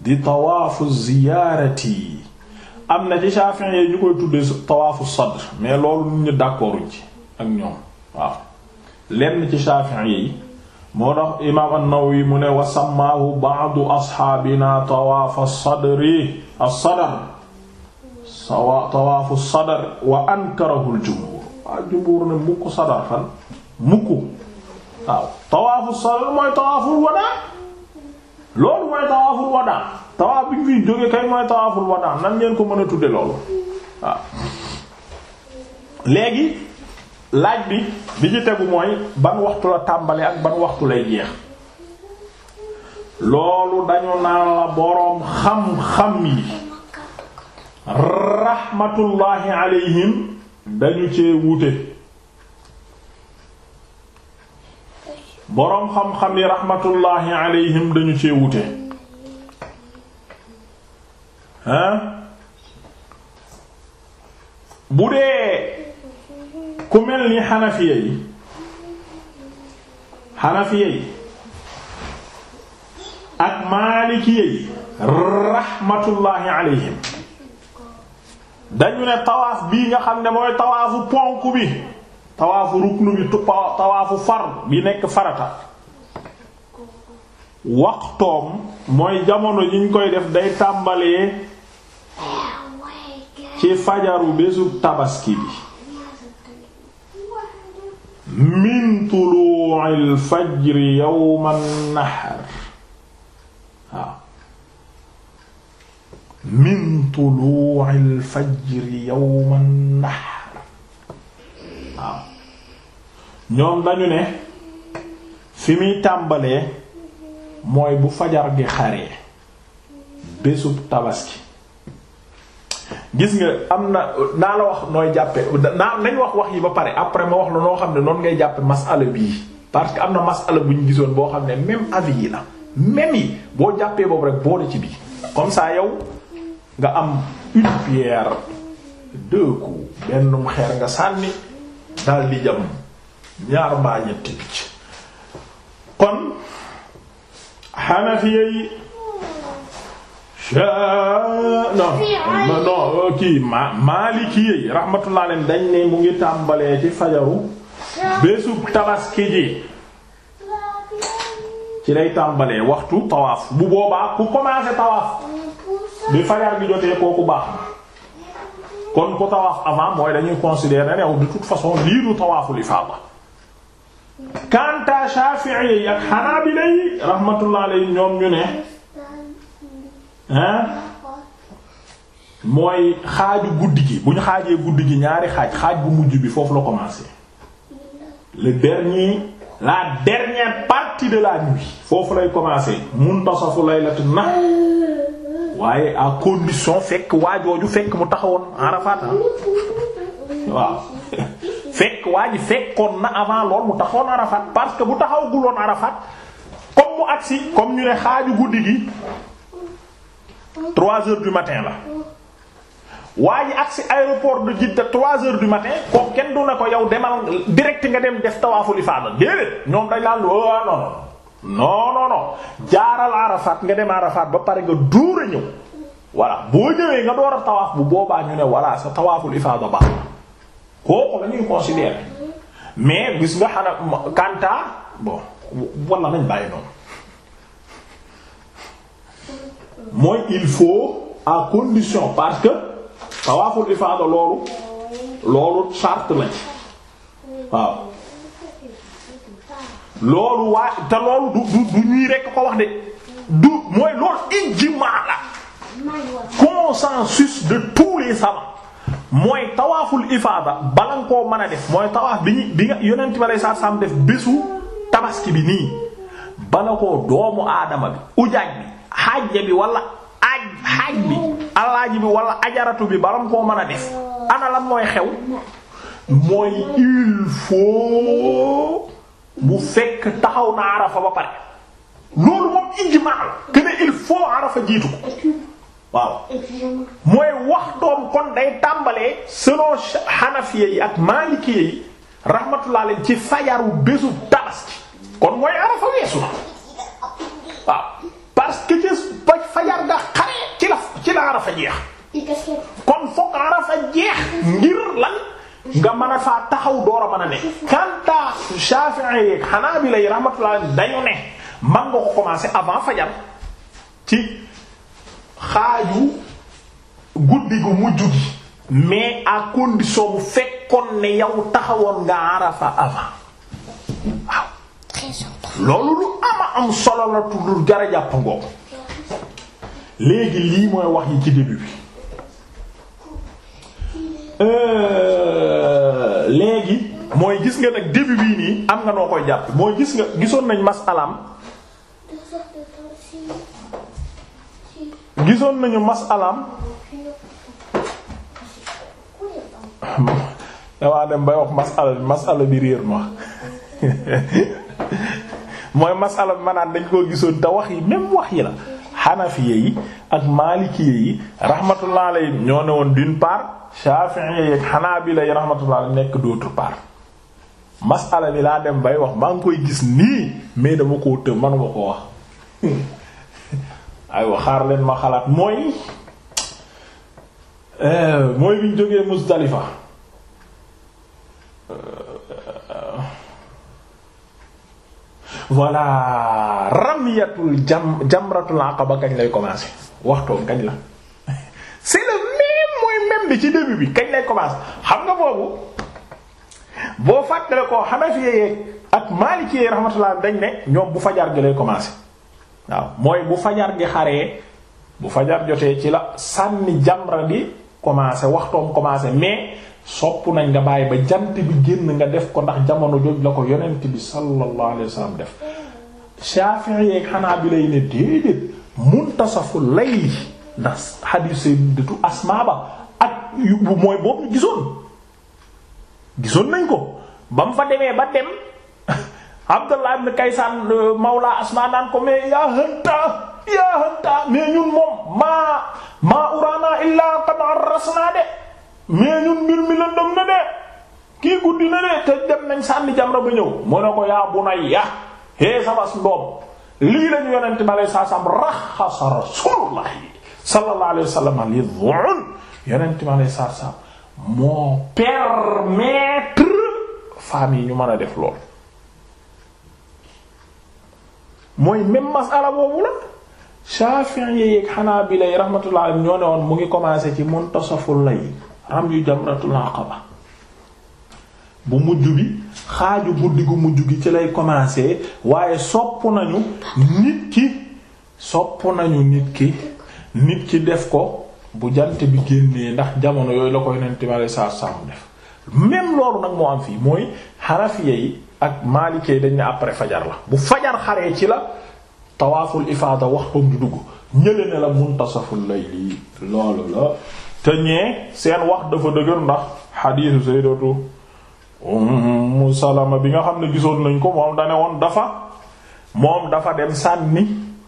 di tawaafu ziyaarati am na ci Shafi'i yi ñu koy tuddee tawaafu sadr mais loolu ñu d'accorduñ ci ak ñoom waaw lenn ci Shafi'i yi moo tax imaam an-Nawawi mu ne wa sammaahu ba'du asxaabina tawaafa sadri as-sadr tawaafu sadr wa ankarahu al-jumhuur waaw jumhuur ne mukk sadar fan mukk waaw tawaafu sadr mooy tawaaful wadaa loolu mooy tawaaful wadaa tawaaf bi ñu fiy jóge kay mooy tawaaful wadaa nan ngeen ko mën a tudde loolu waaw léegi laaj bi bi ci tegu mooy ban waxtu la tàmbale ak ban waxtu lay jeex loolu dañu naan la boroom xam-xam yi raxmatullaahi alayhim dañu cee wuute boroom xam-xam yi raxmatullaahi alayhim dañu bu dee ku mel ni xanafiya yi xanafiya yi ak maalikiya yi rahmatullahi alayhim dañu ne tawaaf bii nga xam ne mooy tawaafu ponk bi tawaafu ruknu bi tawaafu far bi nekk farata waxtoom mooy jamono yi koy def day tàmbalee ci fajaru bésu tabaski bi min tuluu'il fajri yawman nahr waaw min fajri yawman nahr waaw ñoom dañu ne fi muy tàmbalee mooy bu fajar gi xaree bésub tabaski gis nga am na naa la wax nooy jàppe naa nañ wax wax yi ba pare après ma wax la noo xam ne noonu ngay jàppe masala bii parce que am na masala bu ñu gisoon boo xam ne même avis yi la même yi boo jàppee boobu rek boole ci bii comme saa yow nga am une pierre deux coups bennum xeer nga sànni dal di jam ñaar mbaa ñetti picc kon Hanafiya yi non non kii ma maaliki yi rahmatullah leen dañ ne mu ngi tàmbalee ci fajaru bésub tabaski ji ci lay tàmbalee waxtu tawaaf bu boobaa ku commencé tawaaf bi fajar gi jotee kooku baax na kon ku tawaaf avant mooy dañuy considérer ne de toute façon lii du tawaaful ifaada kanta Shafi'i yi ak Hanabila yi rahmatullah alayhi ñoom ñu ne hein mooy xaaju guddi gi bu ñu xaajee guddi gi ñaari xaaj xaaj bu mujj bi foofu la commencé le dernier la dernière partie de la nuit foofu lay commencé muntasafu laylatu na waaye à condition fekk waajooju fekk mu taxawoon Arafat ah. waaw fekk waa ji fekkoon na avant lool mu taxawoon Arafat parce que bu taxawaguloon guloon Arafat comme mu agsi comme ñu ne xaaju guddi gi trois heures du matin la waa ji agsi aéroport de Jidda trois heures du matin kooku kenn du ne ko yow demal direct nga dem def tawaaful ifaada déedéet ñoom dañ laan lu oh, ah non non jaaral Arafat nga dem Arafat ba pare nga dóor a ñëw voilà boo ñëwee nga door a tawaaf bu boobaa ñu ne voilà sa tawaaful ifaada baax na kooku la ñuy considérer mais gis nga xanaa Kanta bon wala nañ bàyyi noonu. mooy il faut en condition parce que tawaaful ifaada loolu loolu charte la ci waaw loolu waa te loolu du du du ñuy rekk ko wax de du mooy loolu ijma la consensus de tous les savants mooy tawaaful ifaada bala nga koo mën a def mooy tawaaf bi ñu bi nga yonent bi alayhi salaam def bésu tabaski bi nii bala koo doomu aadama bi ujaaj bi xaajja bi wala aaj xaaj bi alaaji bi wala ajaratu bi balam koo mën a def ana lan mooy xew mooy il faut bu fekk taxaw na arafa ba pare loolu moom ijmaa la que il faut arafa jiitu ko waaw mooy waxtoom kon day tàmbalee selon xanafiye yi ak maalikiye yi rahmatullah leen ci fajaru bésu tabaski kon mooy arafa weesu na waaw parce que ca ba fajar ga xare ci la ci jeex kon fokk arafa jeex ngir lan nga mën a faa taxaw door a mën a ne kanta Shafi'i yeeg xanaa bi lay rahmatullah dañu ne man ko commencé avant fajar ci xaaju guddi gu mujj gi mais à condition bu fekkoon ne yow taxawoon nga arafa avant waaw loolu lu ama am solo la tudd jar a léegi lii mooy wax yi ci début bi euh, léegi mooy gis nga nag début bii nii am nga noo koy jàpp mooy gis nga gisoon nañ masalaam gisoon nañu masalaam damaa dem bay wax masala bi masala bi réer ma mooy masala bi maanaam dañ koo gisoon te wax yi même wax yi la xanafiye yi ak maalikiye yi rahmatullah alayhi ñoo ne woon d'une part shafi'iye yi ak xanaabila yi rahmatullah alayhi nekk d'autre part masala bi laa dem bay wax maa ngi koy gis nii mais dama koo tëb manuma ko wax aywa xaar leen ma xalaat mooy euh, mooy biñ jógee Muzdalifa euh, voilà ramiyatul jam jamratul ba kañ lay commencer waxtoom kañ la c'est le même mooy même bi ci début bi kañ lay commencer xam nga boobu boo fàttale ko xanafiyee ak maalikiyee rahmatullah dañ ne ñoom bu fajar gi lay commencer waaw mooy bu fajar gi xare bu fajar jotee ci la sànni jamra di commencer waxtoom commencer mais sopp nañ nga bàyyi ba jant bi génn nga def ko ndax jamono joj la ko yonent bi sallallahu alayhi wa sallam def Shafi'i yeeg xanaa bi lay ne déedéet muntasafu layl ndax hadith sayyidatu Asma ba ak mooy boobu gisoon gisoon nañ ko ba mu fa demee ba dem Abdullah ibn Kaysan euh, mawla Asma naan ko mais yaa hanta yaa hanta mais ñun moom maa maa urana illa qad arrasna de mais ñun mbir mi lëndëm na de kii guddi na de te dem nañ sànni jamra ba ñëw mu ne ko yaa bunayya hee sama doom lii lañu yonent bi alayhi salaam rasuulullahi sallallahu alayhi wa sallam li dhu'un yonent bi alayhi salaam moo permettre femmes yi ñu man a def lool mooy même masala boobu la Shafi'i yeeg Hanabila yi rahmatullahi alayhim ñoo ne woon mu ngi commencé ci muntasaful layl am yu jamratul aqaba bu mujj bi xaaju guddi gu mujj gi ci lay commencer waaye sopp nañu nit ki sopp nañu nit ki nit ci def ko bu jant bi génnee ndax jamono yooyu la koy nenti ma lay saar saamu def même loolu nag moo am fii mooy xanafiya yi ak maalikee dañ ne après fajar la bu fajar xaree ci la tawaaful ifaada waxtoom du dugg ñële ne la muntasaful layli loolu la te ñee seen wax dafa dëgër ndax xadiisu sayyidatu Ummu Salama bi nga xam ne gisoon nañ ko moom dane woon dafa moom dafa dem sànni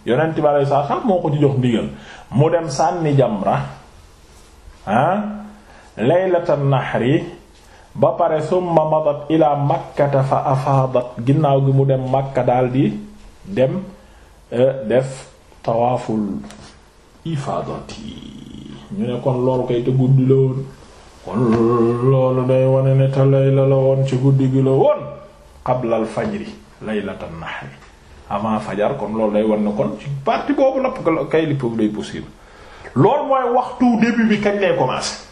yonent bi alei sat moo ko ci jox ndigal mu dem sànni jamra ah laylatan nahri ba pare summa madat ila makkata fa afaadat ginnaaw gi mu dem makka daldi dem eh, def tawaaful ifaadati ñu ne kon loolu kay te guddi la woon kon loolu day wane ne te layla la woon ci guddi gi la woon qablal lay laylatan na avant fajar kon loolu day wane ne kon ci partie boobu la kay li day possible loolu mooy waxtu début bi kañ lay commencer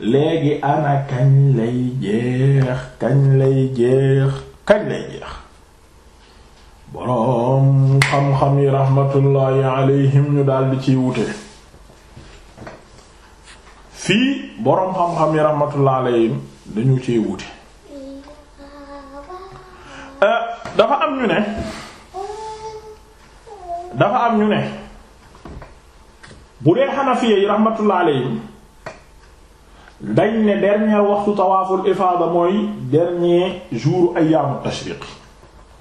léegi ana kañ lay jeex kañ lay jeex kañ lay jeex boroom xam-xam yi raxmatullaahi alayhim ñu daldi ciy wute fii boroom xam-xam yi raxmatullaahi alayhim dañu ciy wute eh, dafa am ñu ne dafa am ñu ne bu dee xanafiya yi raxmatullaahi alayhim dañ ne dernier waxtu tawaaful ifaada mooy dernier jour ayyaamu tashriq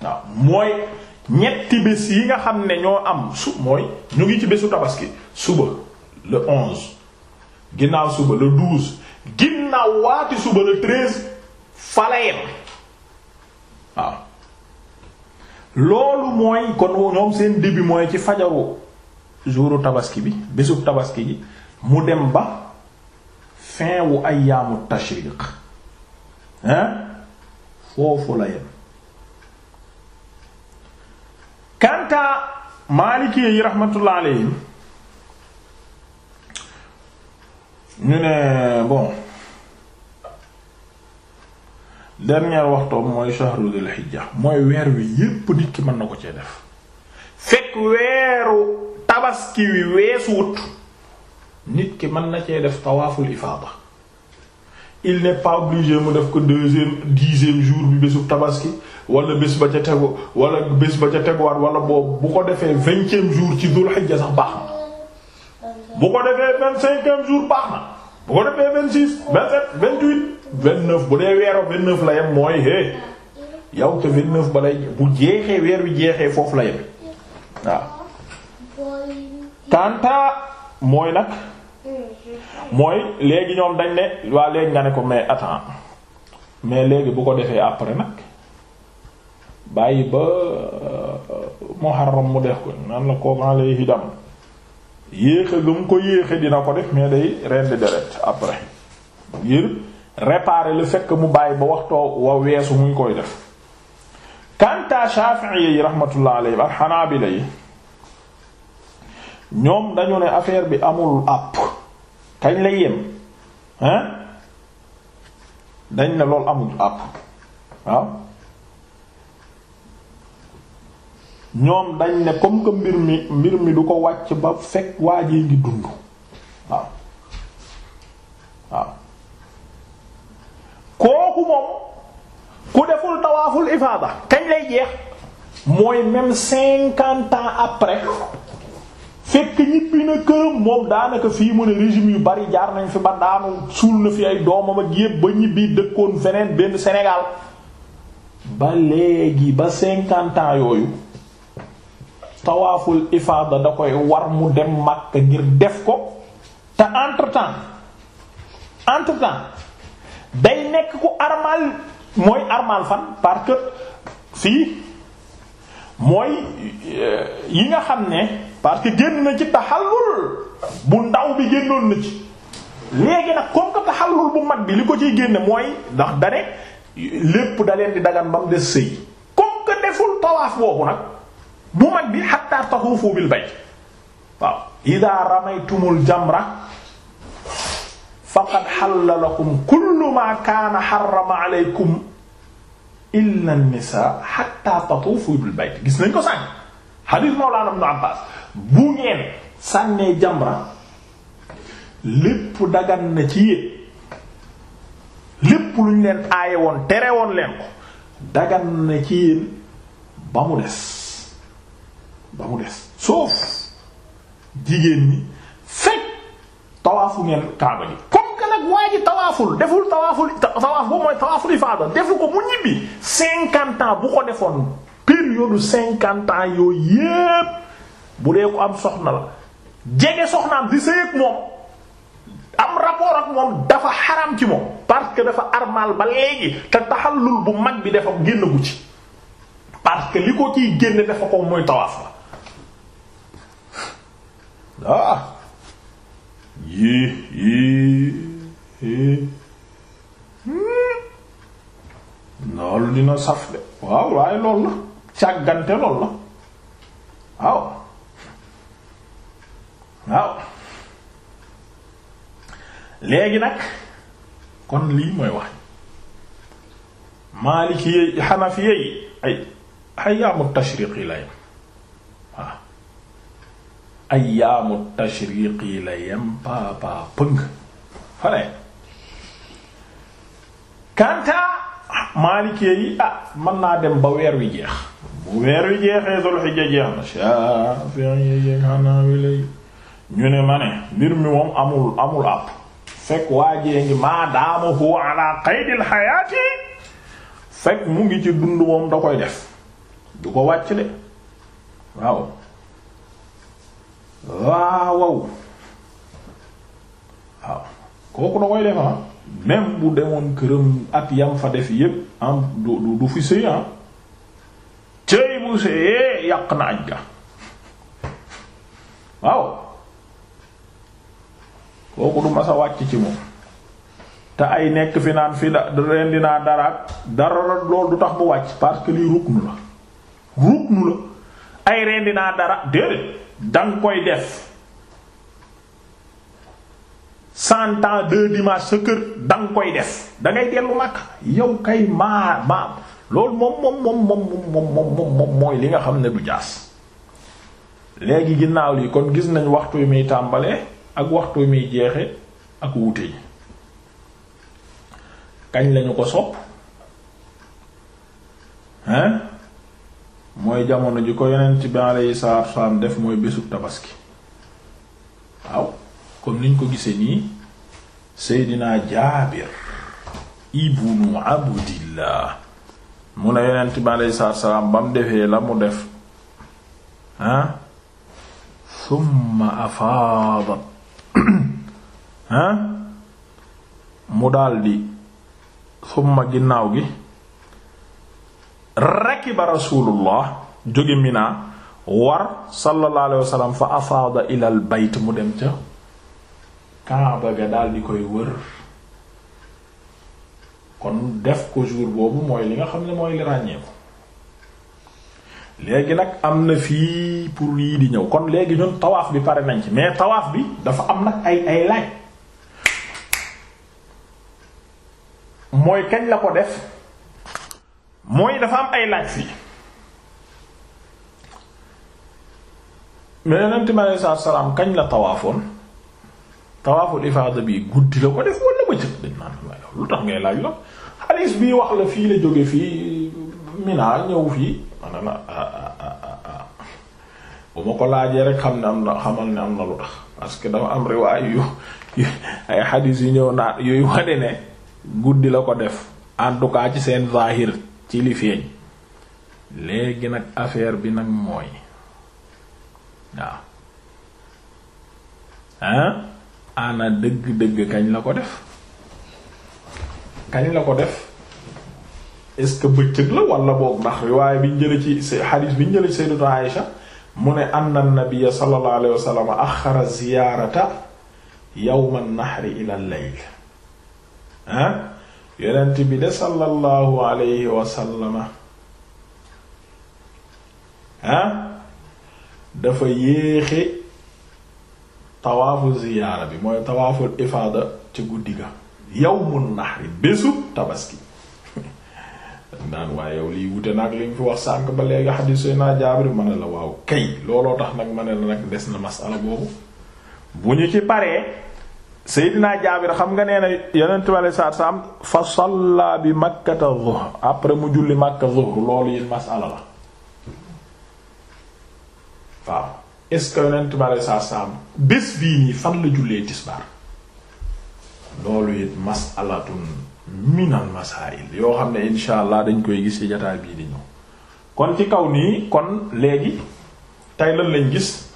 waaw mooy ñetti bés yi nga xam ne ñoo am su mooy ñu ngi ci bésu tabaski suba le onze ginnaaw suba le douze ginnaaw waati suba le treize falayem waaw loolu mooy kon ñoom seen début mooy ci fajaru jouru tabaski bi bésub tabaski ji mu dem ba fin wu ayyaamu tashriq hein foofu la yem kanta maalikee yi rahmatullah alayhim ñu ne bon dernier waxtoom mooy shahru dul hijja mooy weer wi yépp nit ki mën na ko cee def fekk weeru tabaski wi weesu wut nit ki mën na cee def tawaaful ifaada il n'est pas obligé mu def ko deuxième dixième jour bi bésu tabaski wala bés ba ca tegu wala bés ba ca teguwaat wala boobu bu ko defee vingtième jour ci dul xijja sax baax na bu ko defee vingt-cinquième jour baax na bu ko defee vingt-six vingt-sept vingt-huit vingt-neuf bu dee weeru vingt-neuf la yem mooy hé yow te vingt-neuf ba lay bu jeexee weer wi jeexee foofu la yem waaw kanta mooy nag mooy léegi ñoom dañ ne waa léegi nga ne ko mais attends mais léegi bu ko defee après nag bàyyi ba euh, muharram mu def ko naan la ko maa lay hidam yéexe ga mu ko yéexe dina ko def mais day rendi deret après ngir réparer le fait que mu bàyyi ba waxtoo wa weesu muy koy def kanta Shafi'i yi rahmatullah alayhi ak Hanabila yi ñoom dañu ne affaire bi amul àpp kañ lay yem dañ ne loolu amul àpp waaw ñoom dañ ne comme que mbir mi mbir mi du ko wàcc ba fekk waa ji ngi dund waaw waaw kooku moom ku deful tawaaful ifaada kañ lay jeex mooy même cinquante ans après fekk ñibbi na këram moom daanaka fii mu ne régime yu bari jaar nañ fi ba daanu suul na fi ay doomam ak yépp ba ñibbi dëkkoon feneen benn Sénégal ba léegi ba cinquante ans yooyu tawaaful ifaada da koy war mu dem Makka ngir def ko te entre temps day nekk ku armal mooy armal fan parce que fii mooy euh, yi nga xam ne parce que génn na ci taxallul bu ndaw bi génnoon na ci léegi nag comme xal taxallul bu mag bi li ko ciy génne mooy ndax dane lépp da leen di dagan ba des sëy comme que deful tawaaf boobu nag bu mag bi hatta taxuufu bil bayt waaw idaa ramaytumul jamra faqad xalla lakum kullu maa kaana xarama aleykum illa nisaa xatta tatuufu bil bayt gis nañ ko sànni xadiis Mawlaana Ibnu Abbaas bu ngeen sànnee jamra lépp dagan na ci yéen lépp lu ñu leen aaye woon tere woon leen ko dagan na ci yéen ba mu des ba mu des sauf jigéen ñi fekk tawaafu ngeen kaaba ji comme que nag waa ji tawaaful deful tawaaful tawaaf bu mooy tawaaful ifaada defu ko mu ñibbi cinquante bu ko defoon période cinquante ans yooyu yépp bu dee ko am soxna la jege soxnaam di sëy ak moom am rapport ak moom dafa xaram ci moom parce que dafa armal ba léegi te taxallul bu mag bi dafa génn gu ci parce que li ko ciy génne dafa ko mooy tawaaf la ah yii yii hmm. loolu dina saf de waaw waaye lool la càggante lool la waaw waaw léegi nag kon lii mooy wax maaliki yey xanafi yey ay ayyaamu tashriqi lay ayaamu tashriq yi la yem paapaa pëng fale kanta maalikee yi ah mën naa dem ba weer wi jeex bu weer wi jeexee Dul Hijja jeex na Shafi'i yi Hanabila yi ñu ne ma ne mbir mi moom amul amul àpp fekk waajee ngi maadaama huwa ala qaydil hayaati fekk mu ngi ci dund moom da koy def du ko wàcc de waaw waaw waaw kooku da koy def ah même bu demoon këram at yam fa def yépp am ah, du du fi sëy ah cëy bu sëyee yàq na aj ga waaw kooku du masa wàcc ci moom te ay nekk fi naan fi da ren dinaa daraat dara loolu du tax bu wàcc parce que lii ruknu la ruknu la ay rendi naa dara déedéet danga koy def cent ans deux dimanches sa kër danga koy def da ngay dellu màkk yow kay maa maa loolu moom moom moom moom moom moom moom mooy li nga xam ne du jaas léegi ginnaaw li kon gis nañ waxtu wi muy tàmbalee ak waxtu wi muy jeexe ak wuute yi kañ lañu ko sopp hein mooy jamono ji ko yonent bi alayhi salaatu wassalaam def mooy bésu tabaski waaw comme niñ ko gisee nii seydinaa jaabir ibnu abdillah mu ne yonent bi alayhi salaatu ba mu defee la mu def ah summa afaadat ah mu daldi summa ginnaaw gi rakiba rasulullah jóge Mina war sallallahu alayhi wa sallam fa afraada ilal bayt mu dem ca Kaaba ga daal di koy wër kon def ko jour boobu mooy li nga xam ne mooy li ràññeeku léegi nag am na fii pour yii di ñëw kon léegi ñun tawaaf bi pare nañ ci mais tawaaf bi dafa am nag ay ay laaj mooy kañ la ko def mooy dafa am ay laaj fii mais yonent salaam kañ la tawaafoon tawaaful ifaada bi guddi la ko def wala bëccëg dañ naan lu tax ngay laaj la xadiis bii wax la fii la jóge fii Mina ñëw fii man ah, ah, ah, ko laajee rek xam ne am na xamal ne am na lu tax parce que dafa am riwaay yu ay xadiis yu ñëw naan yooyu wane ne guddi la ko def en tout cas ci seen zahir ci li léegi nag affaire bi nag mooy waaw ah ana dëgg-dëgg kañ la ko def kañ la ko def est-ce que bëccëg la wala boog ndax riwaay biñ jële ci xadiis biñ jële ci sayyidatu Aïsha mu ne anna nabiyya sallallahu alayhi axara ziyaarata yawma nahri ila al-layl yonent bi de sallallahu alayhi wasallama ah dafa yéexi tawaafu ziyaara bi mooy tawaaful ifaada ci guddi ga yawmun nahri bésu tabaski naan waaye yow liy wute nag li ñu fi wax sànk ba léegi xadiis yi naa jaabir ma ne la waaw kay looloo tax nag ma ne la nag des na masala boobu bu ñu ci paree Seydina Jaabir xam nga nee na yeneen tubaab saar saam fa salla bi makkata zuhr après mu julli makka zuhr loolu yéen masala la waaw est yeneen tubaab saar saam bés bii nii fan la jullee tisbaar loolu it mas'alatun minal masail yoo xam ne insha dañ koy gis ci jotaay bii di ñëw kon ci kaw nii kon léegi tey lan lañ gis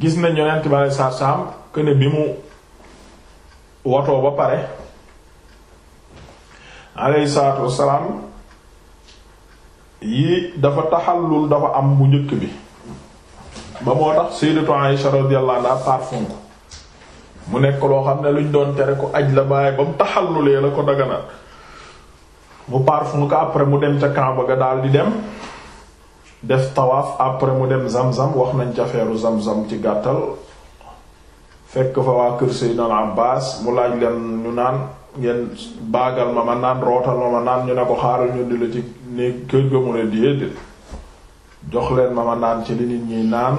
gis nañ yonent bi alayhi salaam que ne bi mu watoo ba pare alayhi salaatu wassalaam yi dafa taxallul dafa am bu njëkk bi ba moo tax sayyidatu Aisha radiyallahu anha parfum ko mu nekk loo xam ne luñ doon tere ko aj la bàyyi ba mu taxallulee la ko dagana mu parfum ko après mu dem ca Kaaba ga daal di dem def tawaaf après mu dem zam-zam wax nañ ca feeru zam-zam ci gàttal fekk fa waa kër Seydina al mu laaj leen ñu naan ngeen baagal ma ma naan rootal ma ma naan ñu ne ko xaaral ñu di la ci néeg kër ga mu ne déedéet jox leen ma ma naan ci li nit ñi naan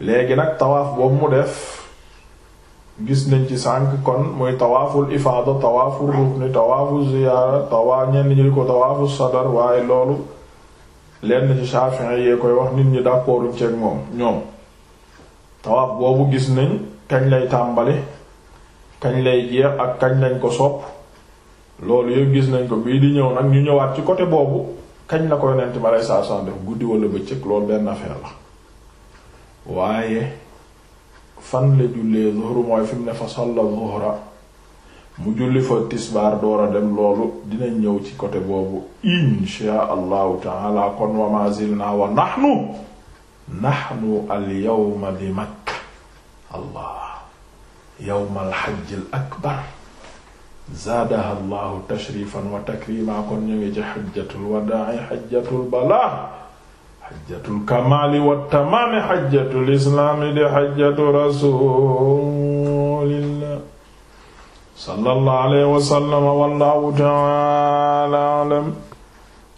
léegi nag tawaaf boobu mu def gis nañ ci sànq kon muy tawaaful ifaada tawaaful rukni tawaafu ziyaara tawaa ñenn ñi di ko tawaafu sadar waaye loolu lenn ci Shafi'i yee koy wax nit ñi d'accorduñ ceeg moom ñoom tawaab boobu gis nañ kañ lay tàmbali kañ lay jeex ak kañ lañ ko sopp loolu yëpp gis nañ ko bii di ñëw nag ñu ñëwaat ci côté boobu kañ la ko yonent ma lay saa saa def guddi wala bëccëg loolu benn affaire la waaye fan la jullee zuhr mooy fi mu ne fa salla zuhra mu julli fa tisbaar door a dem loolu dinañ ñëw ci côté boobu insha allahu taala kon wa ma zilna wa nahnu naxnu al yawma bi makka allah yawma al xajj al akbar zaadaha llahu tashrifan wa takrima kon ñu ngi ci xajjatul wadaa xajjatul balaa xajjatul kamaali wa tamaami xajjatul islaami di xajjatu rasulillah sallallahu alayhi wa sallam wallahu ta'ala a'lam